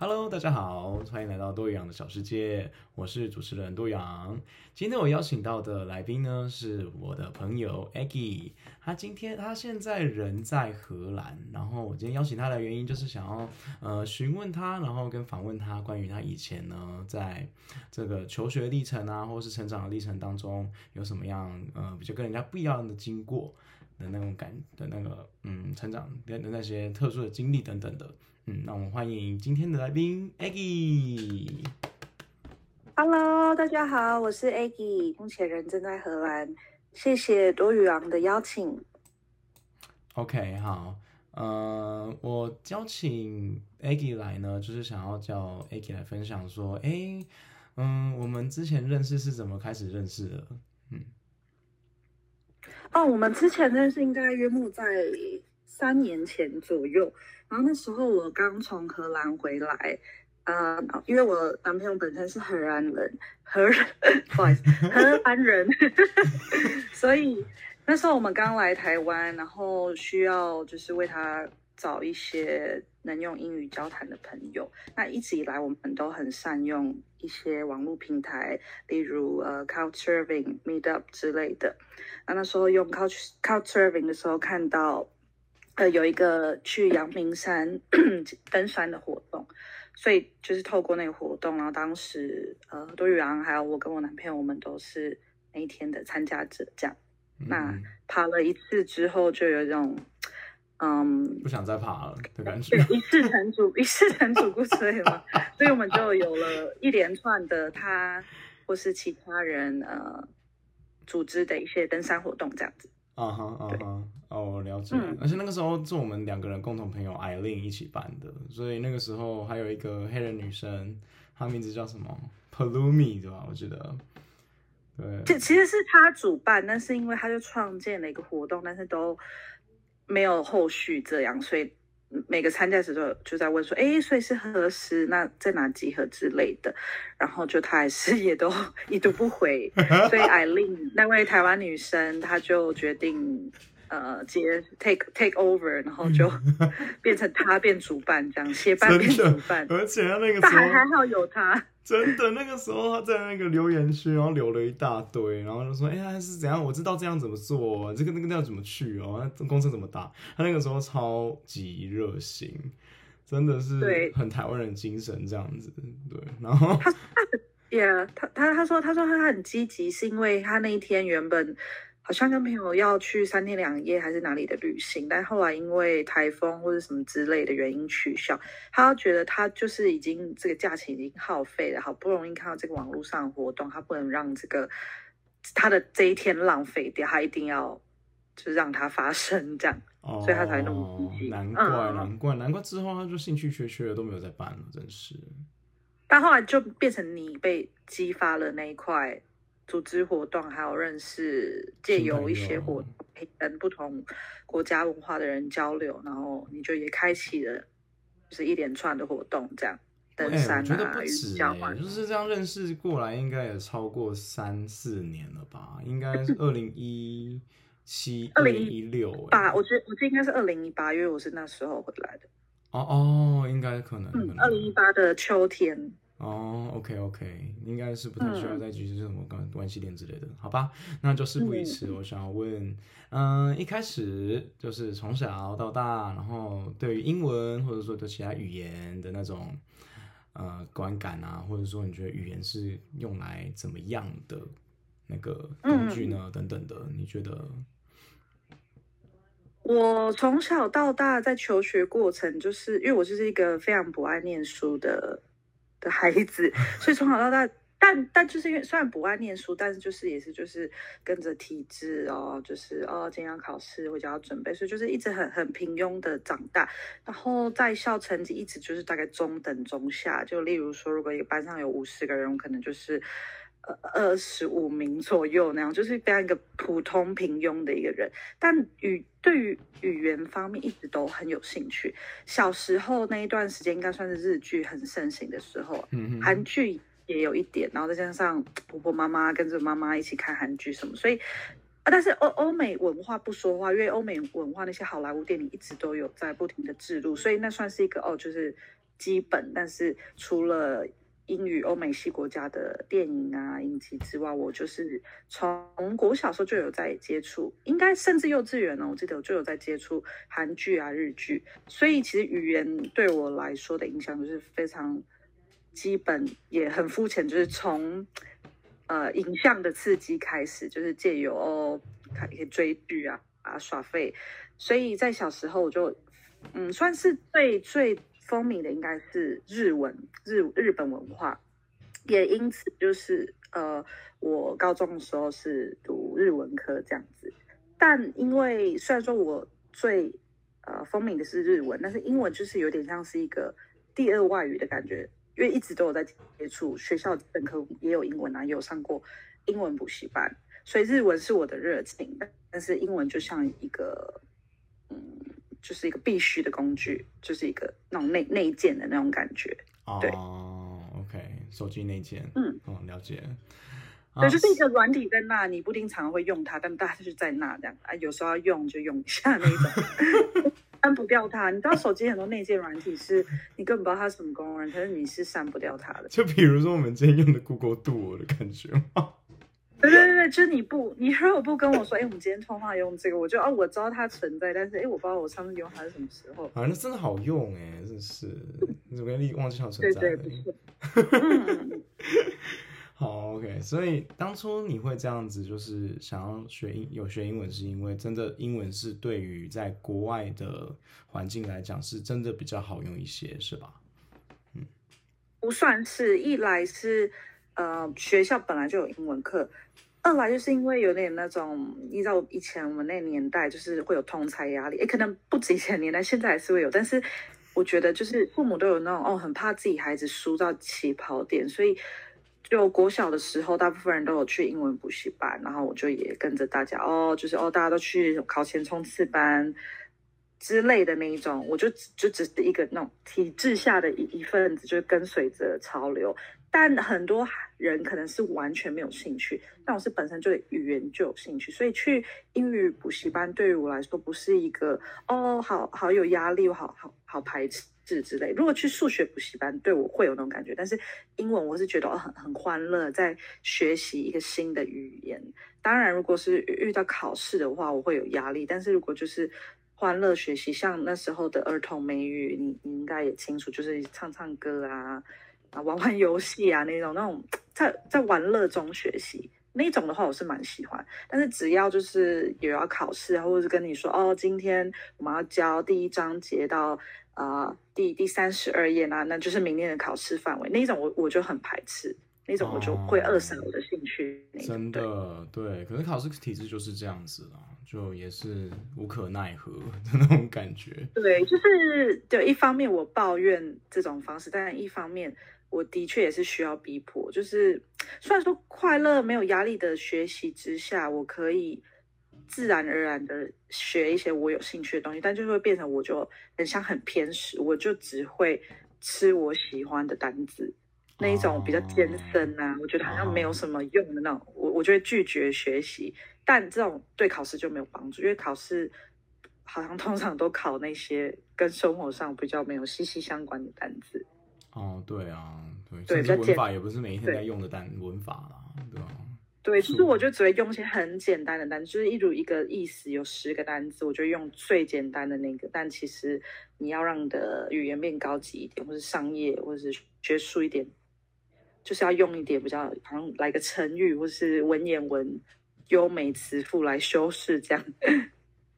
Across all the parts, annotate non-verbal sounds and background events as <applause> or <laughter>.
Hello，大家好，歡迎來到多陽的小世界。我是主持人多陽。今天我邀請到的來賓呢，是我的朋友 Eggie 他今天他現在人在荷蘭。然後我今天邀請他的原因，就是想要呃詢問他，然後跟訪問他關於他以前呢在這個求學歷程啊，或是成長的歷程當中有什麼樣呃比較跟人家不一樣的經過的那種感的那個嗯成長的那,那些特殊的經歷等等的。嗯、那我們歡迎今天的來賓 Eggie。Agg Hello，大家好，我是 Eggie，目前人正在荷蘭。謝謝多宇昂的邀請。OK，好，呃，我邀請 Eggie 來呢，就是想要叫 Eggie 來分享說，哎、欸，嗯、呃，我們之前認識是怎麼開始認識的？嗯，哦，oh, 我們之前認識應該約莫在三年前左右。然後那時候我剛從荷蘭回來，呃，因為我男朋友本身是荷蘭人，荷人，不好意思，荷蘭人， <laughs> <laughs> 所以那時候我們剛來台灣，然後需要就是為他找一些能用英語交談的朋友。那一直以來我們都很善用一些網絡平台，例如呃，uh，Couchsurfing、Meetup 之類的。那那時候用 Couch Couchsurfing 的時候看到。呃，有一個去陽明山登 <coughs> 山的活動，所以就是透過那個活動，然後當時呃，多雨昂還有我跟我男朋友，我們都是那一天的參加者，這樣。嗯、那爬了一次之後，就有一種嗯不想再爬了的感覺。一次成組，一次成主骨髓了。 <laughs> 所以我們就有了一連串的他或是其他人呃組織的一些登山活動，這樣子。啊哈啊哈哦，我了解。嗯、而且那個時候是我們兩個人共同朋友艾琳一起辦的，所以那個時候還有一個黑人女生，她名字叫什麼？Palumi 對吧？我記得。對，這其實是她主辦，但是因為她就創建了一個活動，但是都沒有後續這樣，所以。每個參加者都就，就在問說，哎，所以是何時？那在哪集合之類的？然後就他還是也都已讀不回，所以艾琳那位台灣女生，她就決定呃接 take take over，然後就變成她變主辦這樣，接辦變主辦，而且那個，但還還好有她。真的，那個時候他在那個留言區，然後留了一大堆，然後就說：“哎呀，是怎樣？我知道這樣怎麼做啊，這個那個要怎麼去哦？這公司怎麼打？”他那個時候超級熱心，真的是很台灣人精神這樣子。對，然後他，他他他說，他說他說他他很積極，是因為他那一天原本。好像跟朋友要去三天兩夜還是哪裡的旅行，但後來因為台風或者什麼之類的原因取消。他覺得他就是已經這個假期已經耗費了，好不容易看到這個網絡上的活動，他不能讓這個他的這一天浪費掉，他一定要就是讓它發生這樣，哦、所以他才那麼積極。難怪，嗯、難怪，難怪之後他就興趣缺缺的都沒有再辦了，真是。但後來就變成你被激發了那一塊。組織活動，還有認識借由一些活，跟不同國家文化的人交流，然後你就也開啟了就是一連串的活動這樣登山啊，交換。哎，我覺得不止哎，就是這樣認識過來，應該也超過三四年了吧？應該是二零一七、二零一六，八。我覺我覺應該是二零一八，因為我是那時候回來的。哦哦，應該可能。嗯，二零一八的秋天。哦、oh,，OK OK，應該是不太需要再繼續什麼，關關係鏈之類的，嗯、好吧？那就事不宜遲，我想要問，嗯，嗯，一開始就是從小到大，然後對於英文或者說對其他語言的那種，呃，觀感啊，或者說你覺得語言是用來怎麼樣的那個工具呢？嗯、等等的，你覺得？我從小到大在求學過程，就是因為我就是一個非常不愛念書的。的孩子，所以從小到大，但但就是因為雖然不愛念書，但是就是也是就是跟着體制哦，就是哦，經常考試我就要準備，所以就是一直很很平庸的長大，然後在校成績一直就是大概中等中下。就例如說，如果一個班上有五十個人，可能就是。二十五名左右那樣，就是這樣一個普通平庸的一個人。但語對於語言方面一直都很有興趣。小時候那一段時間應該算是日劇很盛行的時候，韓劇也有一點，然後再加上婆婆媽媽跟着媽媽一起看韓劇什麼，所以，啊，但是歐歐美文化不說話，因為歐美文化那些好萊塢電影一直都有在不停的制度。所以那算是一個哦，就是基本。但是除了英語、歐美系國家的電影啊、影集之外，我就是從國小時候就有在接觸，應該甚至幼稚園呢，我記得我就有在接觸韓劇啊、日劇。所以其實語言對我來說的影響就是非常基本，也很膚淺，就是從呃影像的刺激開始，就是借由哦，看一些追劇啊、啊耍廢。所以在小時候我就嗯算是最最。風靡的應該是日文，日、日本文化，也因此就是呃，我高中的時候是讀日文科這樣子。但因為雖然說我最呃風靡的是日文，但是英文就是有點像是一個第二外語的感覺，因為一直都有在接觸，學校本科也有英文啊，也有上過英文補習班，所以日文是我的熱情，但是英文就像一個。就是一個必須的工具，就是一個那種內內建的那種感覺。Oh, 對，OK，手機內建，嗯，嗯、哦，了解了。對，就是一個軟體在那，啊、你不定常常會用它，但大家就是在那這樣啊，有時候要用就用一下那種，刪不 <laughs> 掉它。你知道手機很多內建軟體是你根本不知道它是什麼功能，可是你是刪不掉它的。就比如說我們今天用的 Google d 度、er、我的感覺嗎？對對對，就是你不，你如果不跟我說，哎、欸，我們今天通話用這個，我就哦、啊，我知道它存在，但是哎、欸，我不知道我上次用它是什麼時候。啊，那真的好用哎、欸，真是，你怎麼忘記它存在了、欸。 <laughs> 對對對。 <laughs> <laughs> 好，OK。所以當初你會這樣子，就是想要學英，有學英文，是因為真的英文是對於在國外的環境來講，是真的比較好用一些，是吧？嗯，不算是一來是。呃，學校本來就有英文課，二來就是因為有點那種，依照以前我們那年代，就是會有同儕壓力，也可能不止以前年代，現在也是會有。但是我覺得，就是父母都有那種哦，很怕自己孩子輸到起跑點，所以就國小的時候，大部分人都有去英文補習班，然後我就也跟着大家，哦，就是哦，大家都去考前衝刺班之類的那一種，我就就只是一個那種體制下的一一份子，就是跟隨着潮流。但很多人可能是完全沒有興趣，但我是本身對語言就有興趣，所以去英語補習班對於我來說不是一個哦，好好有壓力，我好好好排斥之類。如果去數學補習班，對我會有那種感覺，但是英文我是覺得哦很很歡樂，在學習一個新的語言。當然，如果是遇到考試的話，我會有壓力，但是如果就是歡樂學習，像那時候的兒童美語，你你應該也清楚，就是唱唱歌啊。啊，玩玩遊戲啊，那種那種在在玩樂中學習那種的話，我是蠻喜歡。但是只要就是有要考試啊，或者是跟你說哦，今天我們要教第一章節到、呃、第第啊第第三十二頁呢，那就是明天的考試範圍。那種我我就很排斥，那種我就會扼殺我的興趣。嗯、那種真的對，對，可是考試體制就是這樣子啊，就也是無可奈何的那種感覺。對，就是對一方面我抱怨這種方式，但一方面。我的確也是需要逼迫，就是雖然說快樂沒有壓力的學習之下，我可以自然而然的學一些我有興趣的東西，但就是會變成我就很像很偏食，我就只會吃我喜歡的單子，那一種比較艱深啊，Oh. 我覺得好像沒有什麼用的那種。我我就會拒絕學習，但這種對考試就沒有幫助，因為考試好像通常都考那些跟生活上比較沒有息息相關的單子。哦，對啊，對，其實文法也不是每一天在用的單對文法啦，對吧、啊？對，其實素我就只會用一些很簡單的單字，就是例如一個意思有十個單字，我就用最簡單的那個。但其實你要讓你的語言變高級一點，或是商業，或是學術一點，就是要用一點比較，好像來個成語或是文言文優美詞賦來修飾這樣。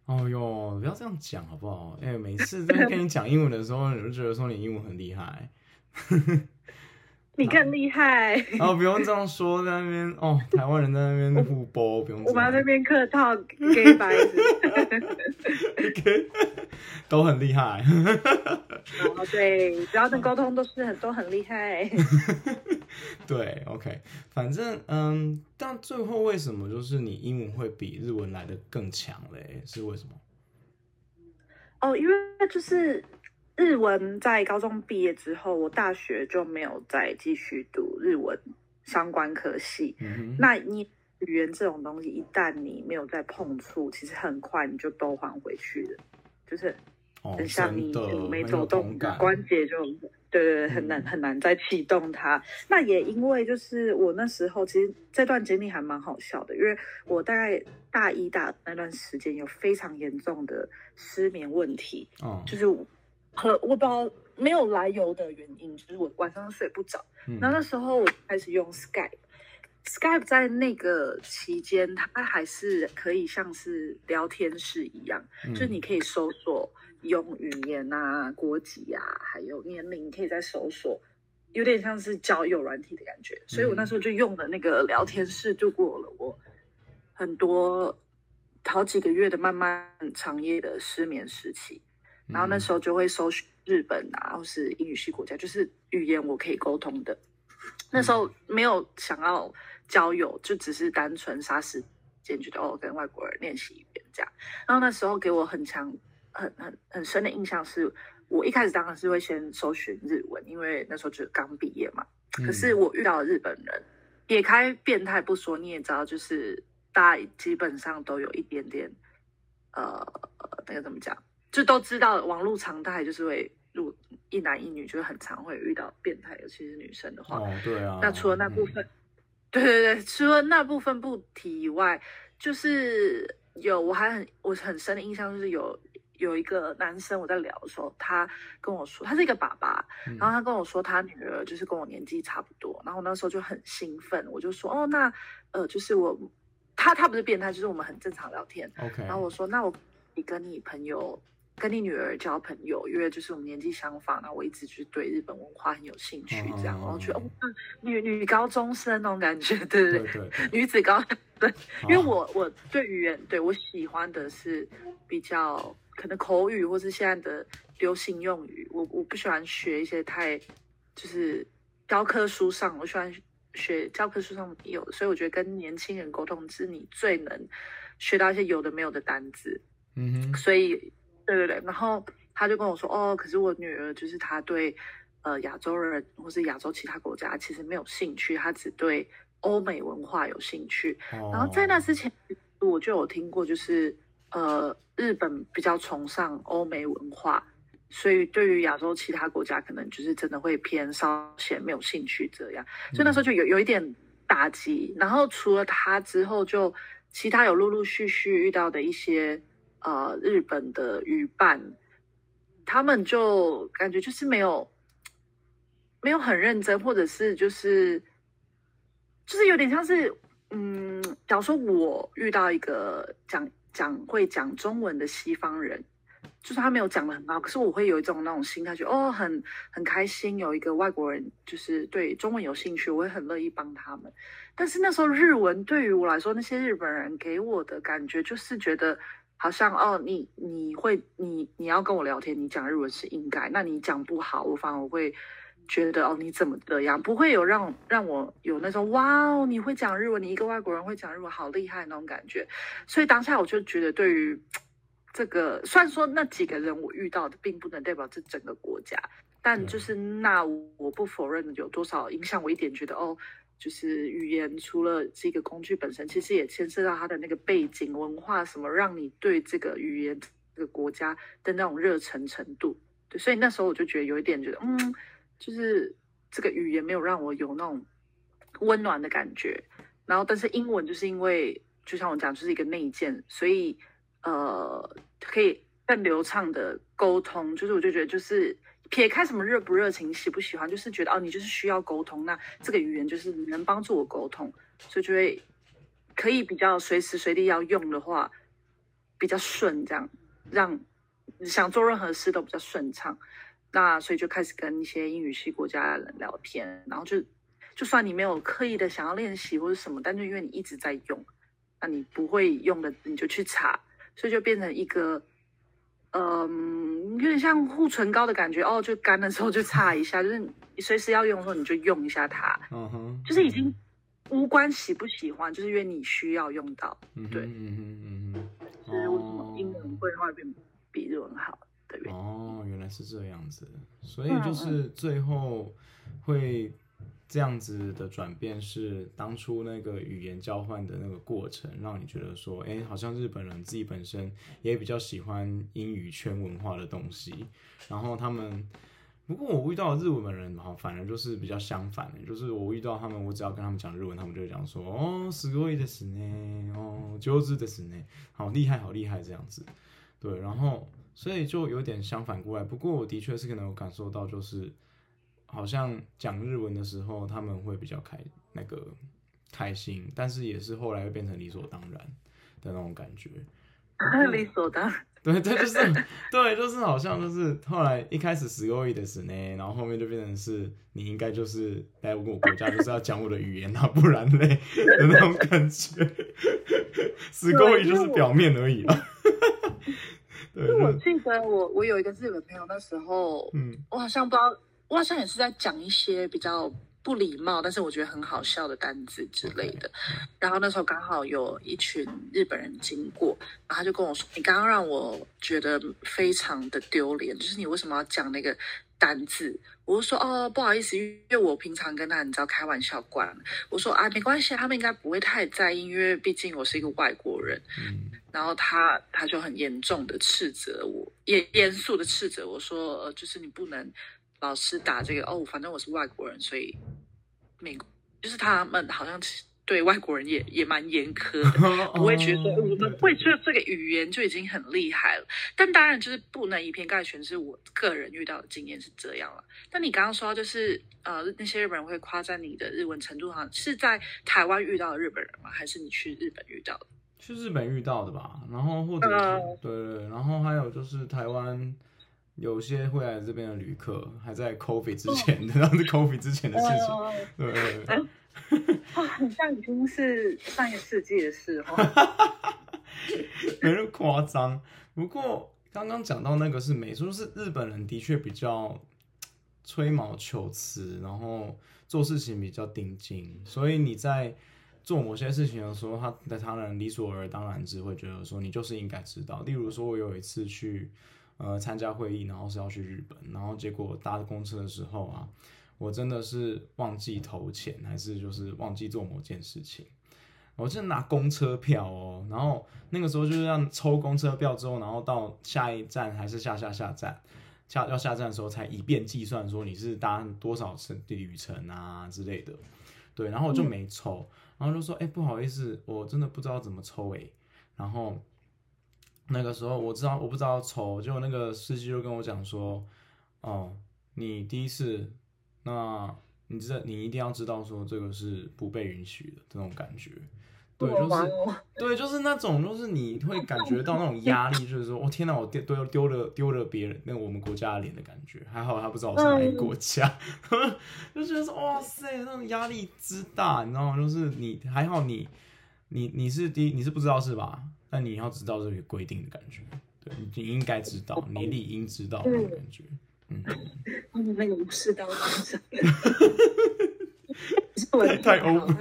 哦喲，不要這樣講好不好？哎，每次在跟你講英文的時候， <laughs> 你就覺得說你英文很厲害。 <laughs> 你更厲害、欸，然、啊哦、不用這樣說，在那邊哦，台灣人在那邊互褒，不用我。我在那邊客套給白。Ay, <laughs> OK，都很厲害。然後對，只要能溝通都是很、嗯、都很厲害、欸。 <laughs> 對，OK，反正嗯，但最後為什麼就是你英文會比日文來得更強嘞？是為什麼？哦，oh, 因為就是。日文在高中畢業之後，我大學就沒有再繼續讀日文相關科系。嗯、哼那你語言這種東西，一旦你沒有再碰觸，其實很快你就都還回去了，就是很像你,、哦、你沒走動的關節，關節就對對,對很難很難再啟動它。嗯、那也因為就是我那時候，其實這段經歷還蠻好笑的，因為我大概大一大那段時間有非常嚴重的失眠問題，哦、就是。和我不知道沒有來由的原因，就是我晚上睡不着那、嗯、那時候我開始用 Skype，Skype 在那個期間，它還是可以像是聊天室一樣，嗯、就是你可以搜索用語言啊、國籍啊，還有年齡，你可以在搜索，有點像是交友軟體的感覺。所以我那時候就用的那個聊天室，度過了我很多好幾個月的漫漫長夜的失眠時期。然後那時候就會搜尋日本啊，嗯、或是英語系國家，就是語言我可以溝通的。那時候沒有想要交友，就只是單純殺時間覺得哦，跟外國人練習一遍這樣。然後那時候給我很強、很很很深的印象是，我一開始當然是會先搜尋日文，因為那時候就剛畢業嘛。可是我遇到日本人，撇開變態不說，你也知道，就是大家基本上都有一點點，呃，那個怎麼講？就都知道網絡常態就是會入一男一女，就很常會遇到變態，尤其是女生的話。哦，對啊。那除了那部分，嗯、對對對，除了那部分不提以外，就是有我還很我很深的印象，就是有有一個男生我在聊的時候，他跟我說他是一個爸爸，嗯、然後他跟我說他女兒就是跟我年紀差不多，然後那時候就很興奮，我就說哦那呃就是我他他不是變態，就是我們很正常聊天。OK，然後我說那我你跟你朋友。跟你女兒交朋友，因為就是我們年紀相仿啊，然後我一直就對日本文化很有興趣，這樣，oh, 然後覺得、哦、女女高中生那種感覺，對對，對對，女子高，對，oh. 因為我我對語言對我喜歡的是比較可能口語或是現在的流行用語，我我不喜歡學一些太就是教科書上，我喜歡學教科書上有，所以我覺得跟年輕人溝通是你最能學到一些有的沒有的單字，嗯哼，mm hmm. 所以。對對對，然後他就跟我說：“哦，可是我女兒就是她對呃亞洲人或是亞洲其他國家其實沒有興趣，她只對歐美文化有興趣。哦”然後在那之前我就有聽過，就是呃日本比較崇尚歐美文化，所以對於亞洲其他國家可能就是真的會偏稍顯沒有興趣這樣。嗯、所以那時候就有有一點打擊。然後除了他之後，就其他有陸陸續續遇到的一些。呃，日本的語伴，他們就感覺就是沒有沒有很認真，或者是就是就是有點像是，嗯，假如說我遇到一個講講會講中文的西方人，就是他沒有講得很好，可是我會有一種那種心態，就哦，很很開心，有一個外國人就是對中文有興趣，我會很樂意幫他們。但是那時候日文對於我來說，那些日本人給我的感覺就是覺得。好像哦，你你會你你要跟我聊天，你講日文是應該。那你講不好，我反而會覺得哦，你怎麼這樣？不會有讓讓我有那種哇哦，你會講日文，你一個外國人會講日文，好厲害那種感覺。所以當下我就覺得，對於這個，雖然說那幾個人我遇到的，並不能代表這整個國家，但就是那我不否認有多少影響，我一點覺得哦。就是語言除了這個工具本身，其實也牽涉到它的那個背景文化什麼，讓你對這個語言、這個國家的那種熱忱程度。對，所以那時候我就覺得有一點覺得，嗯，就是這個語言沒有讓我有那種溫暖的感覺。然後，但是英文就是因為就像我講，就是一個內建，所以呃，可以更流暢的溝通。就是我就覺得就是。撇開什麼熱不熱情、喜不喜歡，就是覺得哦，你就是需要溝通，那這個語言就是能幫助我溝通，所以就會可以比較隨時隨地要用的話比較順，這樣讓想做任何事都比較順暢。那所以就開始跟一些英語系國家的人聊天，然後就就算你沒有刻意的想要練習或者什麼，但就因為你一直在用，那你不會用的你就去查，所以就變成一個嗯。呃有點像護唇膏的感覺哦，就乾的時候就擦一下，就是你隨時要用的時候你就用一下它，嗯哼、uh，huh. 就是已經無關喜不喜歡，就是因為你需要用到，mm hmm. 對，嗯哼、mm，嗯哼。就是為什麼英文會後來變比日文好的原因？對，哦，原來是這樣子，所以就是最後會。這樣子的轉變是當初那個語言交換的那個過程，讓你覺得說，哎、欸，好像日本人自己本身也比較喜歡英語圈文化的東西。然後他們，不過我遇到的日文人吧，反而就是比較相反的，就是我遇到他們，我只要跟他們講日文，他們就會講說，哦，すごいですね，哦，上手ですね，好厲害，好厲害這樣子。對，然後所以就有點相反過來。不過我的確是可能有感受到，就是。好像講日文的時候，他們會比較開那個開心，但是也是後來會變成理所當然的那種感覺。啊、理所當然。對 <laughs> 對，就是對，就是好像就是後來一開始すごいですね，然後後面就變成是你應該就是來我，我國家就是要講我的語言啊， <laughs> 不然呢的那種感覺。すごい <laughs> <laughs> 就是表面而已了。 <laughs> 對、就是、我記得我我有一個日本朋友那時候，嗯，我好像不知道。我好像也是在講一些比較不禮貌，但是我覺得很好笑的單字之類的。然後那時候剛好有一群日本人經過，然後他就跟我說：“你剛剛讓我覺得非常的丟臉，就是你為什麼要講那個單字？”我就說：“哦，不好意思，因為我平常跟他你知道開玩笑慣了。”我說：“啊，沒關係，他們應該不會太在意，因為畢竟我是一個外國人。”然後他他就很嚴重的斥責我，嚴嚴肅的斥責我說：“呃，就是你不能。”老師打這個哦，反正我是外國人，所以美國就是他們好像對外國人也也蠻嚴苛，我不會覺得我們、 <laughs> 哦、會這這個語言就已經很厲害了。對對對。但當然就是不能以偏概全，是我個人遇到的經驗是這樣了。那你剛剛說到就是呃那些日本人會誇讚你的日文程度上，好是在台灣遇到的日本人嗎？還是你去日本遇到的？去日本遇到的吧，然後或者、嗯、對，對，對，然後還有就是台灣。有些會來這邊的旅客還在 COVID 之前的，oh. <laughs> 是 COVID 之前的事情，oh. Oh. Oh. 對，啊，像已經是上個世紀的事了， <laughs> <laughs> 沒那麼誇張。不過剛剛講到那個是美術， <laughs> 是日本人的確比較吹毛求疵，然後做事情比較定睛，所以你在做某些事情的時候，他他人理所而當然之會覺得說你就是應該知道。例如說，我有一次去。呃，參加會議，然後是要去日本，然後結果搭公車的時候啊，我真的是忘記投錢，還是就是忘記做某件事情，我就拿公車票哦，然後那個時候就是要抽公車票之後，然後到下一站還是下下下站，下要下站的時候才以便計算說你是搭多少程旅程啊之類的，對，然後我就沒抽，嗯、然後就說，哎，不好意思，我真的不知道怎麼抽哎，然後。那個時候我知道我不知道醜，就那個司機就跟我講說，哦，你第一次，那你這你一定要知道說這個是不被允許的這種感覺，對，就是對，就是那種就是你會感覺到那種壓力，就是說，我、哦、天哪、啊，我丟都要丟了丟了別人，那個、我們國家的臉的感覺。還好他不知道我是哪個國家， <laughs> 就覺得說哇塞，那種、個、壓力之大，你知道嗎？就是你還好你你你是第一你是不知道是吧？但你要知道這些規定的感覺，對，你應該知道，哦、你理應知道那種感覺，對嗯哼。他們那個無視到地上。哈哈 <laughs> <laughs> 太他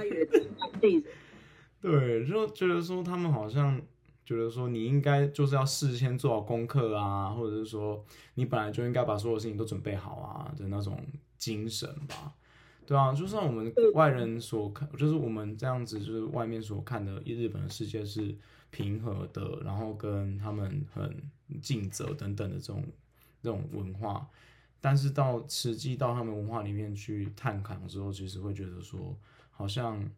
<laughs> 對，就覺得說他們好像覺得說你應該就是要事先做好功課啊，或者是說你本來就應該把所有事情都準備好啊的那種精神吧。對啊，就算我們外人所看，嗯、就是我們這樣子，就是外面所看的日本的世界是。平和的，然後跟他們很盡責等等的這種這種文化，但是到實際到他們文化裡面去探看之後，其實會覺得說，好像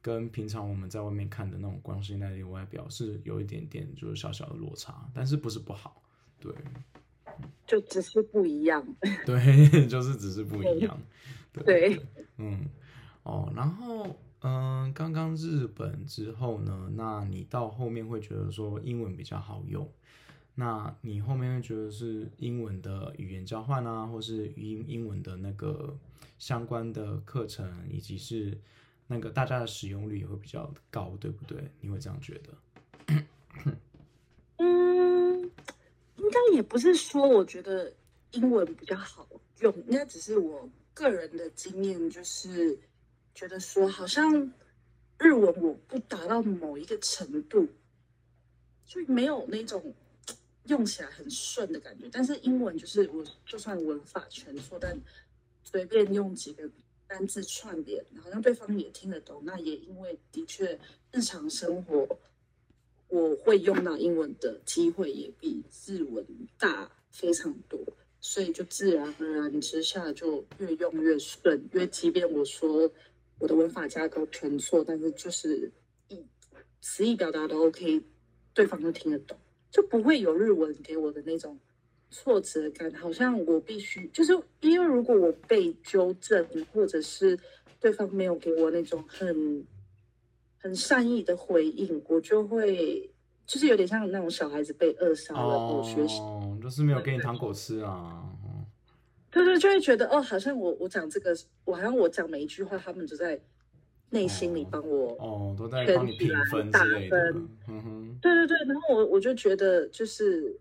跟平常我們在外面看的那種光鮮亮麗外表是有一點點就是小小的落差，但是不是不好，對，就只是不一樣， <laughs> 對，就是只是不一樣，對，對，對，嗯，哦，然後。嗯，剛剛日本之後呢，那你到後面會覺得說英文比較好用，那你後面會覺得是英文的語言交換啊，或是英英文的那個相關的課程，以及是那個大家的使用率也會比較高，對不對？你會這樣覺得？嗯，應該也不是說我覺得英文比較好用，那只是我個人的經驗就是。覺得說好像日文我不達到某一個程度就沒有那種用起來很順的感覺，但是英文就是我就算文法全錯，但隨便用幾個單字串聯，好像對方也聽得懂。那也因為的確日常生活我會用到英文的機會也比日文大非常多，所以就自然而然之下就越用越順，因為即便我說。我的文法架構全錯，但是就是意詞意表達都 OK，對方都聽得懂，就不會有日文給我的那種挫折感。好像我必須就是因為如果我被糾正，或者是對方沒有給我那種很很善意的回應，我就會就是有點像那種小孩子被扼殺了。Oh, 我學習就是沒有給你糖果吃啊。對對，就會覺得哦，好像我我講這個，我好像我講每一句話，他們就在內心裡幫我哦，哦，都在幫你評分打分，嗯哼，對對對。然後我我就覺得就是，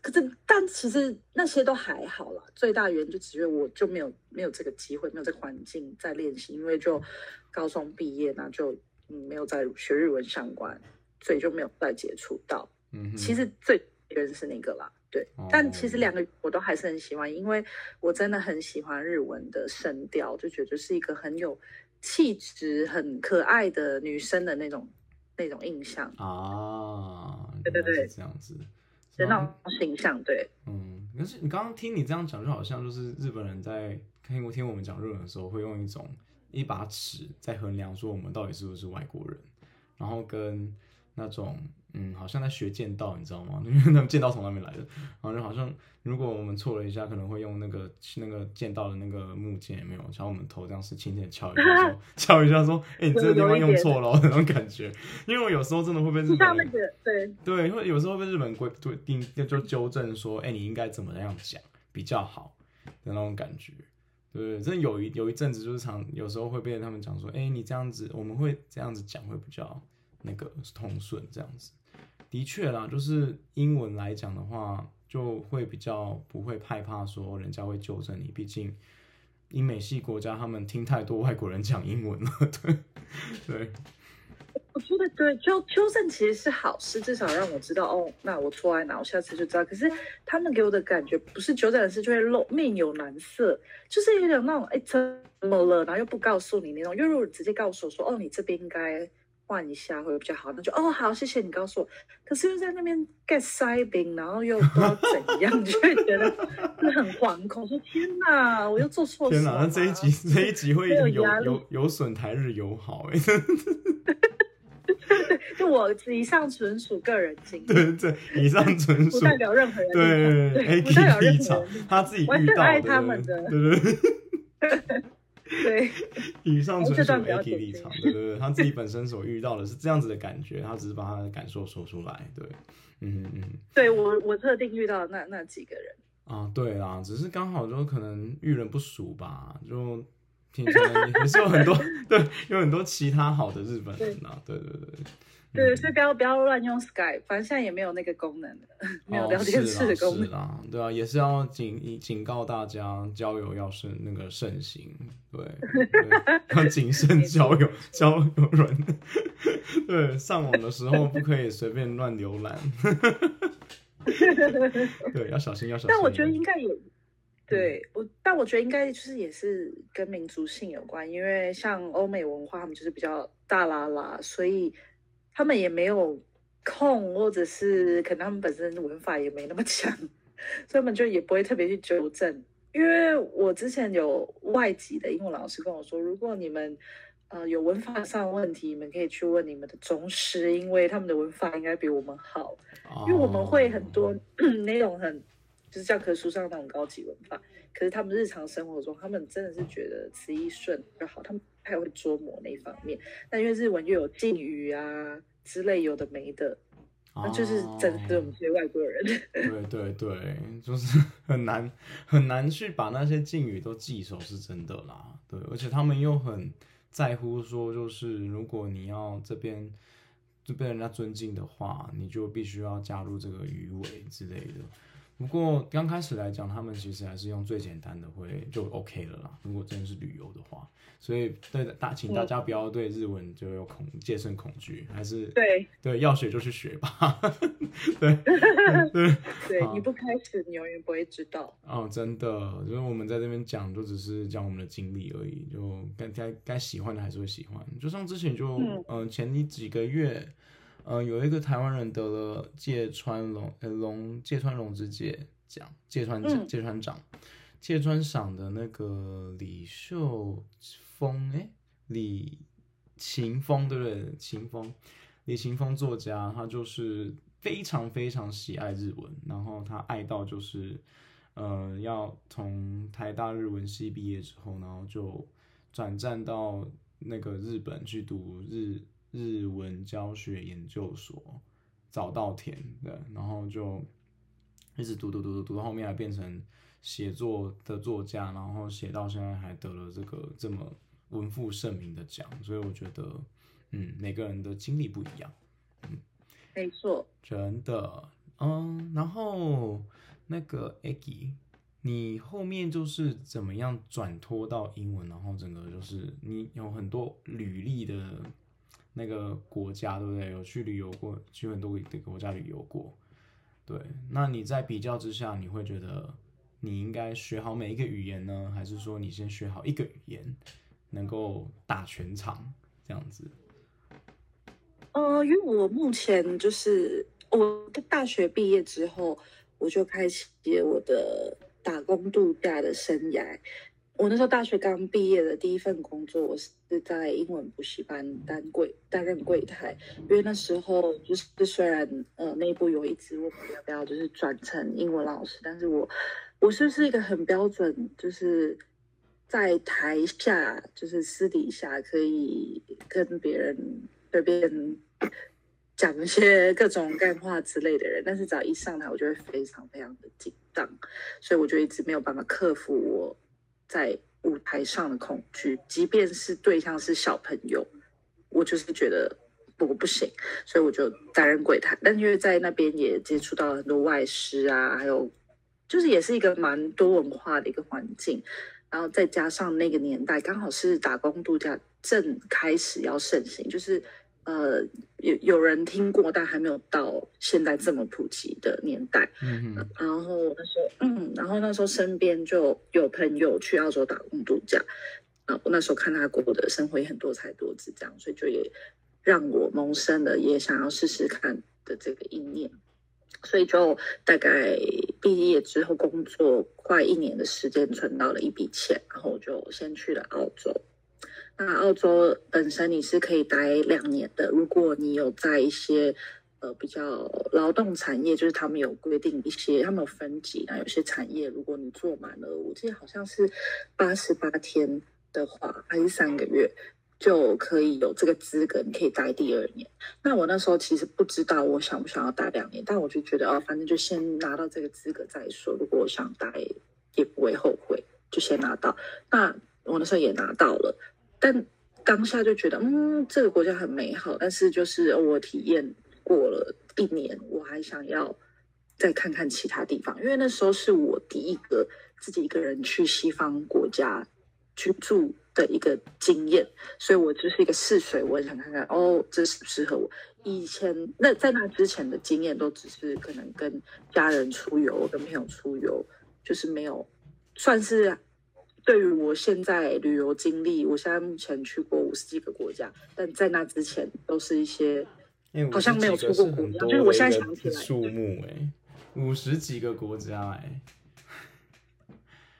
可是但其實那些都還好啦，最大原因就只有我就沒有沒有這個機會，沒有這個環境在練習，因為就高中畢業，啊，那就沒有在學日文相關，所以就沒有再接觸到。嗯哼，其實最原因是那個啦。對，但其實兩個我都還是很喜歡，因為我真的很喜歡日文的聲調，就覺得就是一個很有氣質、很可愛的女生的那種那種印象啊。對對對，這樣子，是那種形象，對。嗯，可是你剛剛聽你這樣講，就好像就是日本人在聽聽我們講日文的時候，會用一種一把尺在衡量說我們到底是不是外國人，然後跟那種。嗯，好像在學劍道，你知道嗎？因為他們劍道從外面來的，然後就好像如果我們錯了一下，可能會用那個那個劍道的那個木劍，也沒有然後我們頭這樣子輕輕敲一下，敲一下說：“哎、啊欸，你這個地方用錯了。的”那種感覺，因為我有時候真的會被日本、那個、對對，會有時候會被日本鬼對定就糾正說：“哎、欸，你應該怎麼樣講比較好的那種感覺。”對，真的有一有一陣子就是常有時候會被他們講說：“哎、欸，你這樣子我們會這樣子講會比較那個通順這樣子。”的確啦，就是英文來講的話，就會比較不會害怕說人家會糾正你。畢竟英美系國家他們聽太多外國人講英文了，對對。我覺得對糾糾正其實是好事，是至少讓我知道哦，那我錯在哪，我下次就知道。可是他們給我的感覺不是糾正的事就會露面有難色，就是有點那種哎、欸、怎麼了，然後又不告訴你那種。又如果直接告訴我說哦，你這邊應該。換一下會比較好，那就哦好，謝謝你告訴我。可是又在那邊 get sipping，然後又不知道怎樣， <laughs> 就會覺得是很惶恐。說天哪，我又做錯事了。那這一集這一集會有有有損台日友好哎。 <laughs> <laughs> 就我以上純屬個人經驗，對對，以上純屬不代表任何人，對對對，不代表任何人，他自己遇到的。對，對對。 <laughs> 對，以上純屬 A P 立場，姐姐對對對，他自己本身所遇到的是這樣子的感覺，他只是把他的感受說出來，對，嗯嗯嗯，對我我特定遇到的那那幾個人，啊對啦，只是剛好就可能遇人不淑吧，就平時也是有很多， <laughs> 對，有很多其他好的日本人啊，對，對對對。對，所以不要不要亂用 Skype，反正現在也沒有那個功能了，沒有聊天室的功能。啊、哦，對啊，也是要警警告大家，交友要慎那個慎行，對，對，要謹慎交友， <laughs> 交友人。對，上網的時候不可以隨便亂瀏覽。 <laughs> 對，要小心，要小心。但我覺得應該也、嗯、對我，但我覺得應該就是也是跟民族性有關，因為像歐美文化，他們就是比較大剌剌，所以。他們也沒有空，或者是可能他們本身的文法也沒那麼強，所以他們就也不會特別去糾正。因為我之前有外籍的英文老師跟我說，如果你們呃有文法上的問題，你們可以去問你們的中師，因為他們的文法應該比我們好。因為我們會很多、Oh. <coughs> 那種很就是教科書上的那種高級文法，可是他們日常生活中，他們真的是覺得詞義順就好。他們。太會捉摸那一方面，但因為日文又有敬語啊之類有的沒的，啊、那就是整死我們這些外國人。對對對， <laughs> 就是很難很難去把那些敬語都記熟，是真的啦。對，而且他們又很在乎，說就是如果你要這邊就被人家尊敬的話，你就必須要加入這個語尾之類的。不過剛開始來講，他們其實還是用最簡單的會就 OK 了啦。如果真的是旅遊的話，所以對，大請大家不要對日文就有恐戒慎恐懼，還是對對要學就去學吧。對 <laughs> 對對，你不開始你永遠不會知道。哦，真的，就是我們在這邊講，就只是講我們的經歷而已，就該該該喜歡的還是會喜歡。就像之前就嗯，呃、前一幾個月。呃，有一個台灣人得了芥川龍呃龍芥川龍之介獎，芥川芥川長，芥、嗯、川賞的那個李秀峰誒、欸，李琴峰對不對？琴峰，李琴峰作家，他就是非常非常喜愛日文，然後他愛到就是，呃，要從台大日文系畢業之後，然後就轉戰到那個日本去讀日。日文教學研究所，早稻田的，然後就一直讀讀讀讀讀到後面，還變成寫作的作家，然後寫到現在還得了這個這麼文負盛名的獎，所以我覺得，嗯，每個人的經歷不一樣，嗯、沒錯錯，真的，嗯，然後那個 Eggie 你後面就是怎麼樣轉脫到英文，然後整個就是你有很多履歷的。那個國家，對不對？有去旅遊過，基本都給國家旅遊過，對。那你在比較之下，你會覺得你應該學好每一個語言呢，還是說你先學好一個語言，能夠打全場這樣子？呃，因為我目前就是我大學畢業之後，我就開始我的打工度假的生涯。我那時候大學剛畢業的第一份工作，我是在英文補習班擔櫃擔任櫃檯。因為那時候就是雖然呃內部有一直問我要不要就是轉成英文老師，但是我我是不是一個很標準，就是在台下就是私底下可以跟別人隨便講一些各種乾話之類的人，但是只要一上台，我就會非常非常的緊張，所以我就一直沒有辦法克服我在舞台上的恐懼，即便是對象是小朋友，我就是覺得我不行，所以我就擔任櫃檯。但因為在那邊也接觸到很多外師啊，還有就是也是一個蠻多文化的一個環境，然後再加上那個年代剛好是打工度假正開始要盛行，就是。呃，有有人聽過，但還沒有到現在這麼普及的年代。嗯哼然後那時候，嗯，然後那時候身邊就有朋友去澳洲打工度假。啊，我那時候看他過的生活也很多才多姿，這樣，所以就也讓我萌生了也想要試試看的這個意念。所以就大概畢業之後工作快一年的時間，存到了一筆錢，然後就先去了澳洲。那澳洲本身你是可以待兩年的。如果你有在一些呃比較勞動產業，就是他們有規定一些，他們有分級啊，有些產業如果你做滿了，我記得好像是八十八天的話，還是三個月就可以有這個資格，你可以待第二年。那我那時候其實不知道我想不想要待兩年，但我就覺得哦，反正就先拿到這個資格再說。如果我想待，也不會後悔，就先拿到。那我那時候也拿到了。但當下就覺得，嗯，這個國家很美好。但是就是，哦，我體驗過了一年，我還想要再看看其他地方，因為那時候是我第一個自己一個人去西方國家居住的一個經驗，所以我就是一個試水，我想看看哦，這適不適合我。以前那在那之前的經驗都只是可能跟家人出遊，我跟朋友出遊，就是沒有算是。對於我現在旅遊經歷，我現在目前去過五十幾個國家，但在那之前都是一些，好像沒有出過國，是的就是我現在想起來，數目哎，五十幾個國家哎，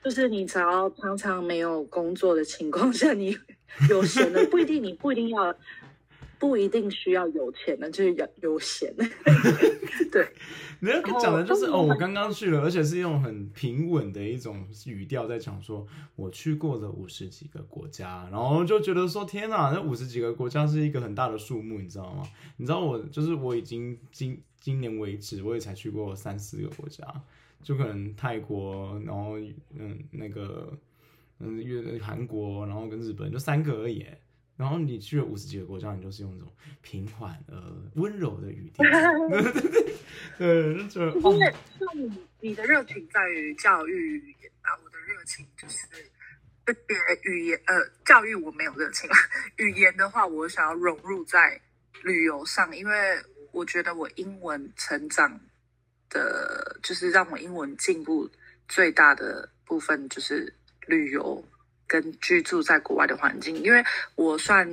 就是你只要常常沒有工作的情況下，你有閒的 <laughs> 不一定，你不一定要。不一定需要有錢的，就是有閒。 <laughs> 對， <laughs> 你要講的就是哦，我剛剛去了，而且是用很平穩的一種語調在講說，我去過了五十幾個國家，然後就覺得說，天哪，那五十幾個國家是一個很大的數目，你知道嗎？你知道我就是我已經今今年為止，我也才去過三四個國家，就可能泰國，然後嗯，那個嗯越韓國，然後跟日本就三個而已。然後你去了五十幾個國家，你都是用這種平緩而、呃、溫柔的語調，對對 <laughs> <laughs> 對， <laughs> 你 <laughs> 你的熱情在於教育、語言啊，我的熱情就是語言呃，教育，我沒有熱情、啊，語言的話我想要融入在旅遊上，因為我覺得我英文成長的，就是讓我英文進步最大的部分就是旅遊。跟居住在國外的環境，因為我算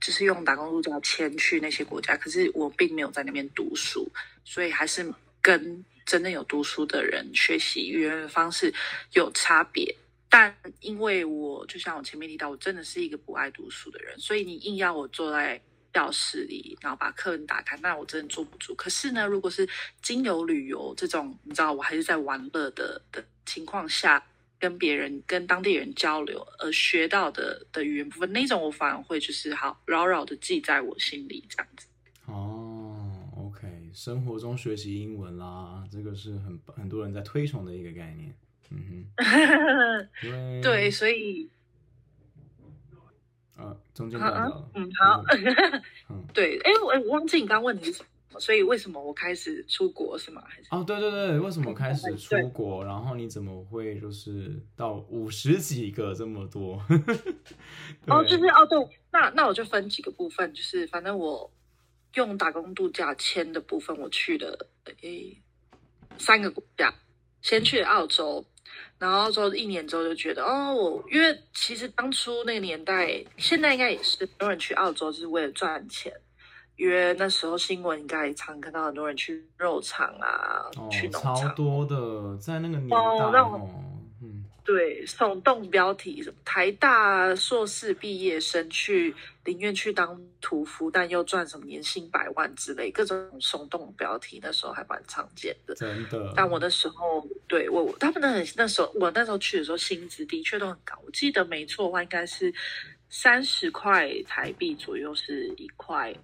就是用打工度假簽去那些國家，可是我並沒有在那邊讀書，所以還是跟真正有讀書的人學習語言的方式有差別。但因為我就像我前面提到，我真的是一個不愛讀書的人，所以你硬要我坐在教室裡，然後把課本打開，那我真的坐不住。可是呢，如果是經由旅遊這種，你知道我還是在玩樂的的情況下。跟別人、跟當地人交流而學到的的語言部分，那種我反而會就是好牢牢的記在我心裡，這樣子。哦，OK，生活中學習英文啦，這個是很很多人在推崇的一個概念。嗯哼， <laughs> 對，對所以啊，中間嗯、啊、嗯，好，對，哎、 <laughs> 嗯，我哎，我忘記你剛，剛問的是。所以為什麼我開始出國是嗎？還是哦，對對對，為什麼開始出國？對然後你怎麼會就是到五十幾個這麼多？ <laughs> 對哦，就是哦，對，那那我就分幾個部分，就是反正我用打工度假簽的部分，我去了，誒三個國家，先去了澳洲，然後澳洲一年之後就覺得哦，我因為其實當初那個年代，現在應該也是很多人去澳洲，就是為了賺錢。因為那時候新聞應該常看到很多人去肉場啊，哦、去農場超多的，在那個年代，嗯、哦，哦、對，聳動標題什麼台大碩士畢業生去寧願去當屠夫，但又賺什麼年薪百萬之類，各種聳動的標題，那時候還蠻常見的，真的。但我那時候，對我他們很那，那時候我那時候去的時候，薪資的確都很高，我記得沒錯的話，我應該是三十塊台幣左右是一塊。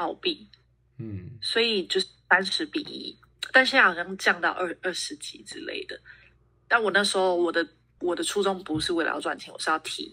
澳幣，嗯，所以就是三十比一，但現在好像降到二二十幾之類的。但我那時候，我的我的初衷不是為了要賺錢，嗯、我是要體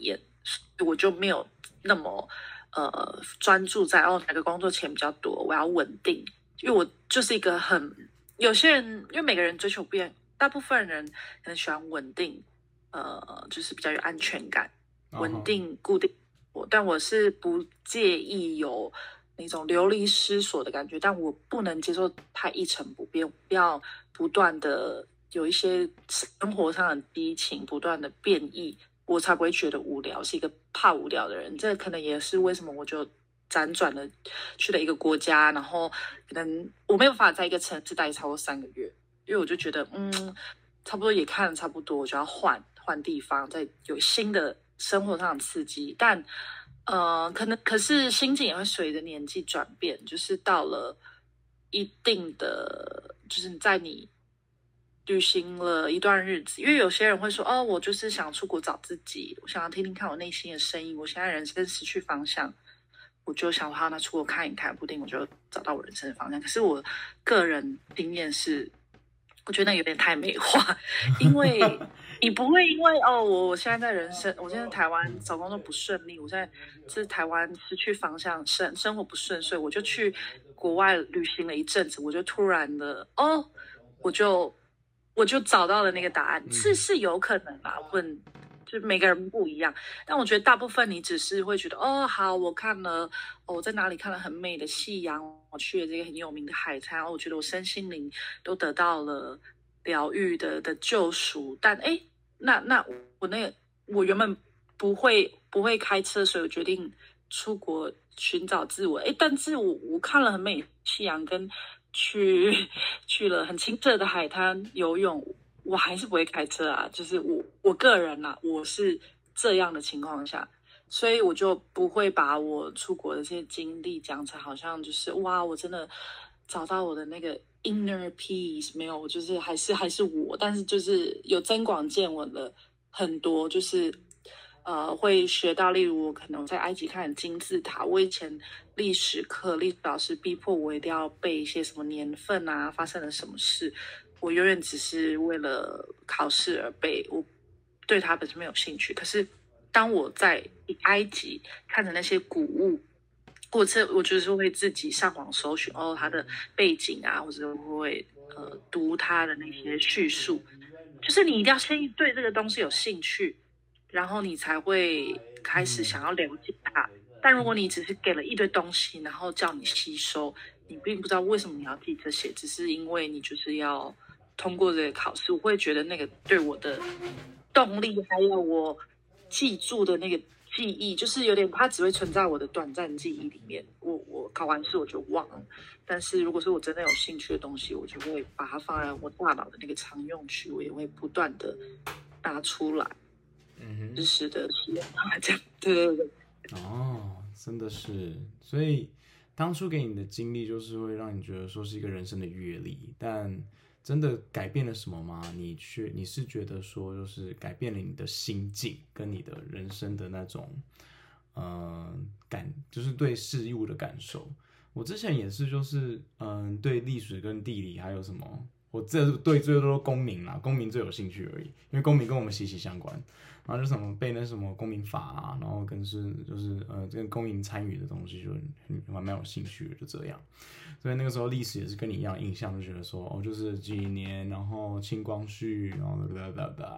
驗，我就沒有那麼呃專注在哦哪個工作錢比較多，我要穩定，因為我就是一個很有些人，因為每個人追求不一樣，大部分人很喜歡穩定，呃，就是比較有安全感，穩定、哦、固定。我但我是不介意有。那種流離失所的感覺，但我不能接受太一成不變，不要不斷的有一些生活上的低情，不斷的變異，我才不會覺得無聊，是一個怕無聊的人。這可能也是為什麼我就輾轉的去了一個國家，然後可能我沒有辦法在一個城市待超過三個月，因為我就覺得，嗯，差不多也看了差不多，我就要換換地方，再有新的生活上的刺激，但。呃，可能可是心境也會隨着年紀轉變，就是到了一定的，就是在你旅行了一段日子，因為有些人會說，哦，我就是想出國找自己，我想要聽聽看我內心的聲音，我現在人生失去方向，我就想說，他出國看一看，不定我就找到我人生的方向。可是我個人經驗是，我覺得那有點太美化，因為。你不會因為哦，我我現在在人生，我現在，在台灣找工作不順利，我在是台灣失去方向，生生活不順遂，所以我就去國外旅行了一陣子，我就突然的哦，我就我就找到了那個答案，是是有可能吧？問，就每個人不一樣，但我覺得大部分你只是會覺得哦，好，我看了，哦，我在哪裡看了很美的夕陽，我去了這個很有名的海灘，哦，我覺得我身心靈都得到了。療癒的的救贖，但哎，那那我那個、我原本不會不會開車，所以我決定出國尋找自我。哎，但是我我看了很美夕陽，氣氧跟去去了很清澈的海灘游泳，我還是不會開車啊。就是我我個人啊，我是這樣的情況下，所以我就不會把我出國的這些經歷講成好像就是哇，我真的。找到我的那個 inner peace 沒有，就是還是還是我，但是就是有增廣見聞的很多，就是呃會學到，例如我可能我在埃及看金字塔，我以前歷史課歷史老師逼迫我一定要背一些什麼年份啊，發生了什麼事，我永遠只是為了考試而背，我對它本身沒有興趣。可是當我在埃及看着那些古物。我這我就是會自己上網搜尋哦，他的背景啊，或者會呃讀他的那些敘述。就是你一定要先對這個東西有興趣，然後你才會開始想要了解它。但如果你只是給了一堆東西，然後叫你吸收，你並不知道為什麼你要記這些，只是因為你就是要通過這個考試。我會覺得那個對我的動力，還有我記住的那個。記憶就是有點，它只會存在我的短暫記憶裡面。我我考完試我就忘了。但是如果說我真的有興趣的東西，我就會把它放在我大腦的那個常用區，我也會不斷的拿出來，嗯哼，實時的體驗它這樣的。的 <laughs> 對對對哦，真的是。所以當初給你的經歷，就是會讓你覺得說是一個人生的閱歷，但。真的改變了什麼嗎？你去，你是覺得說，就是改變了你的心境，跟你的人生的那種，呃，感，就是對事物的感受。我之前也是，就是，嗯、呃，對歷史跟地理還有什麼，我這是對最多的公民啦，公民最有興趣而已，因為公民跟我們息息相關。然後、啊、就什麼背那什麼公民法啊，然後跟是就是呃這個公民參與的東西就蠻有興趣的，就這樣。所以那個時候歷史也是跟你一樣，印象就覺得說哦，就是幾年，然後清光緒，然後噠噠噠，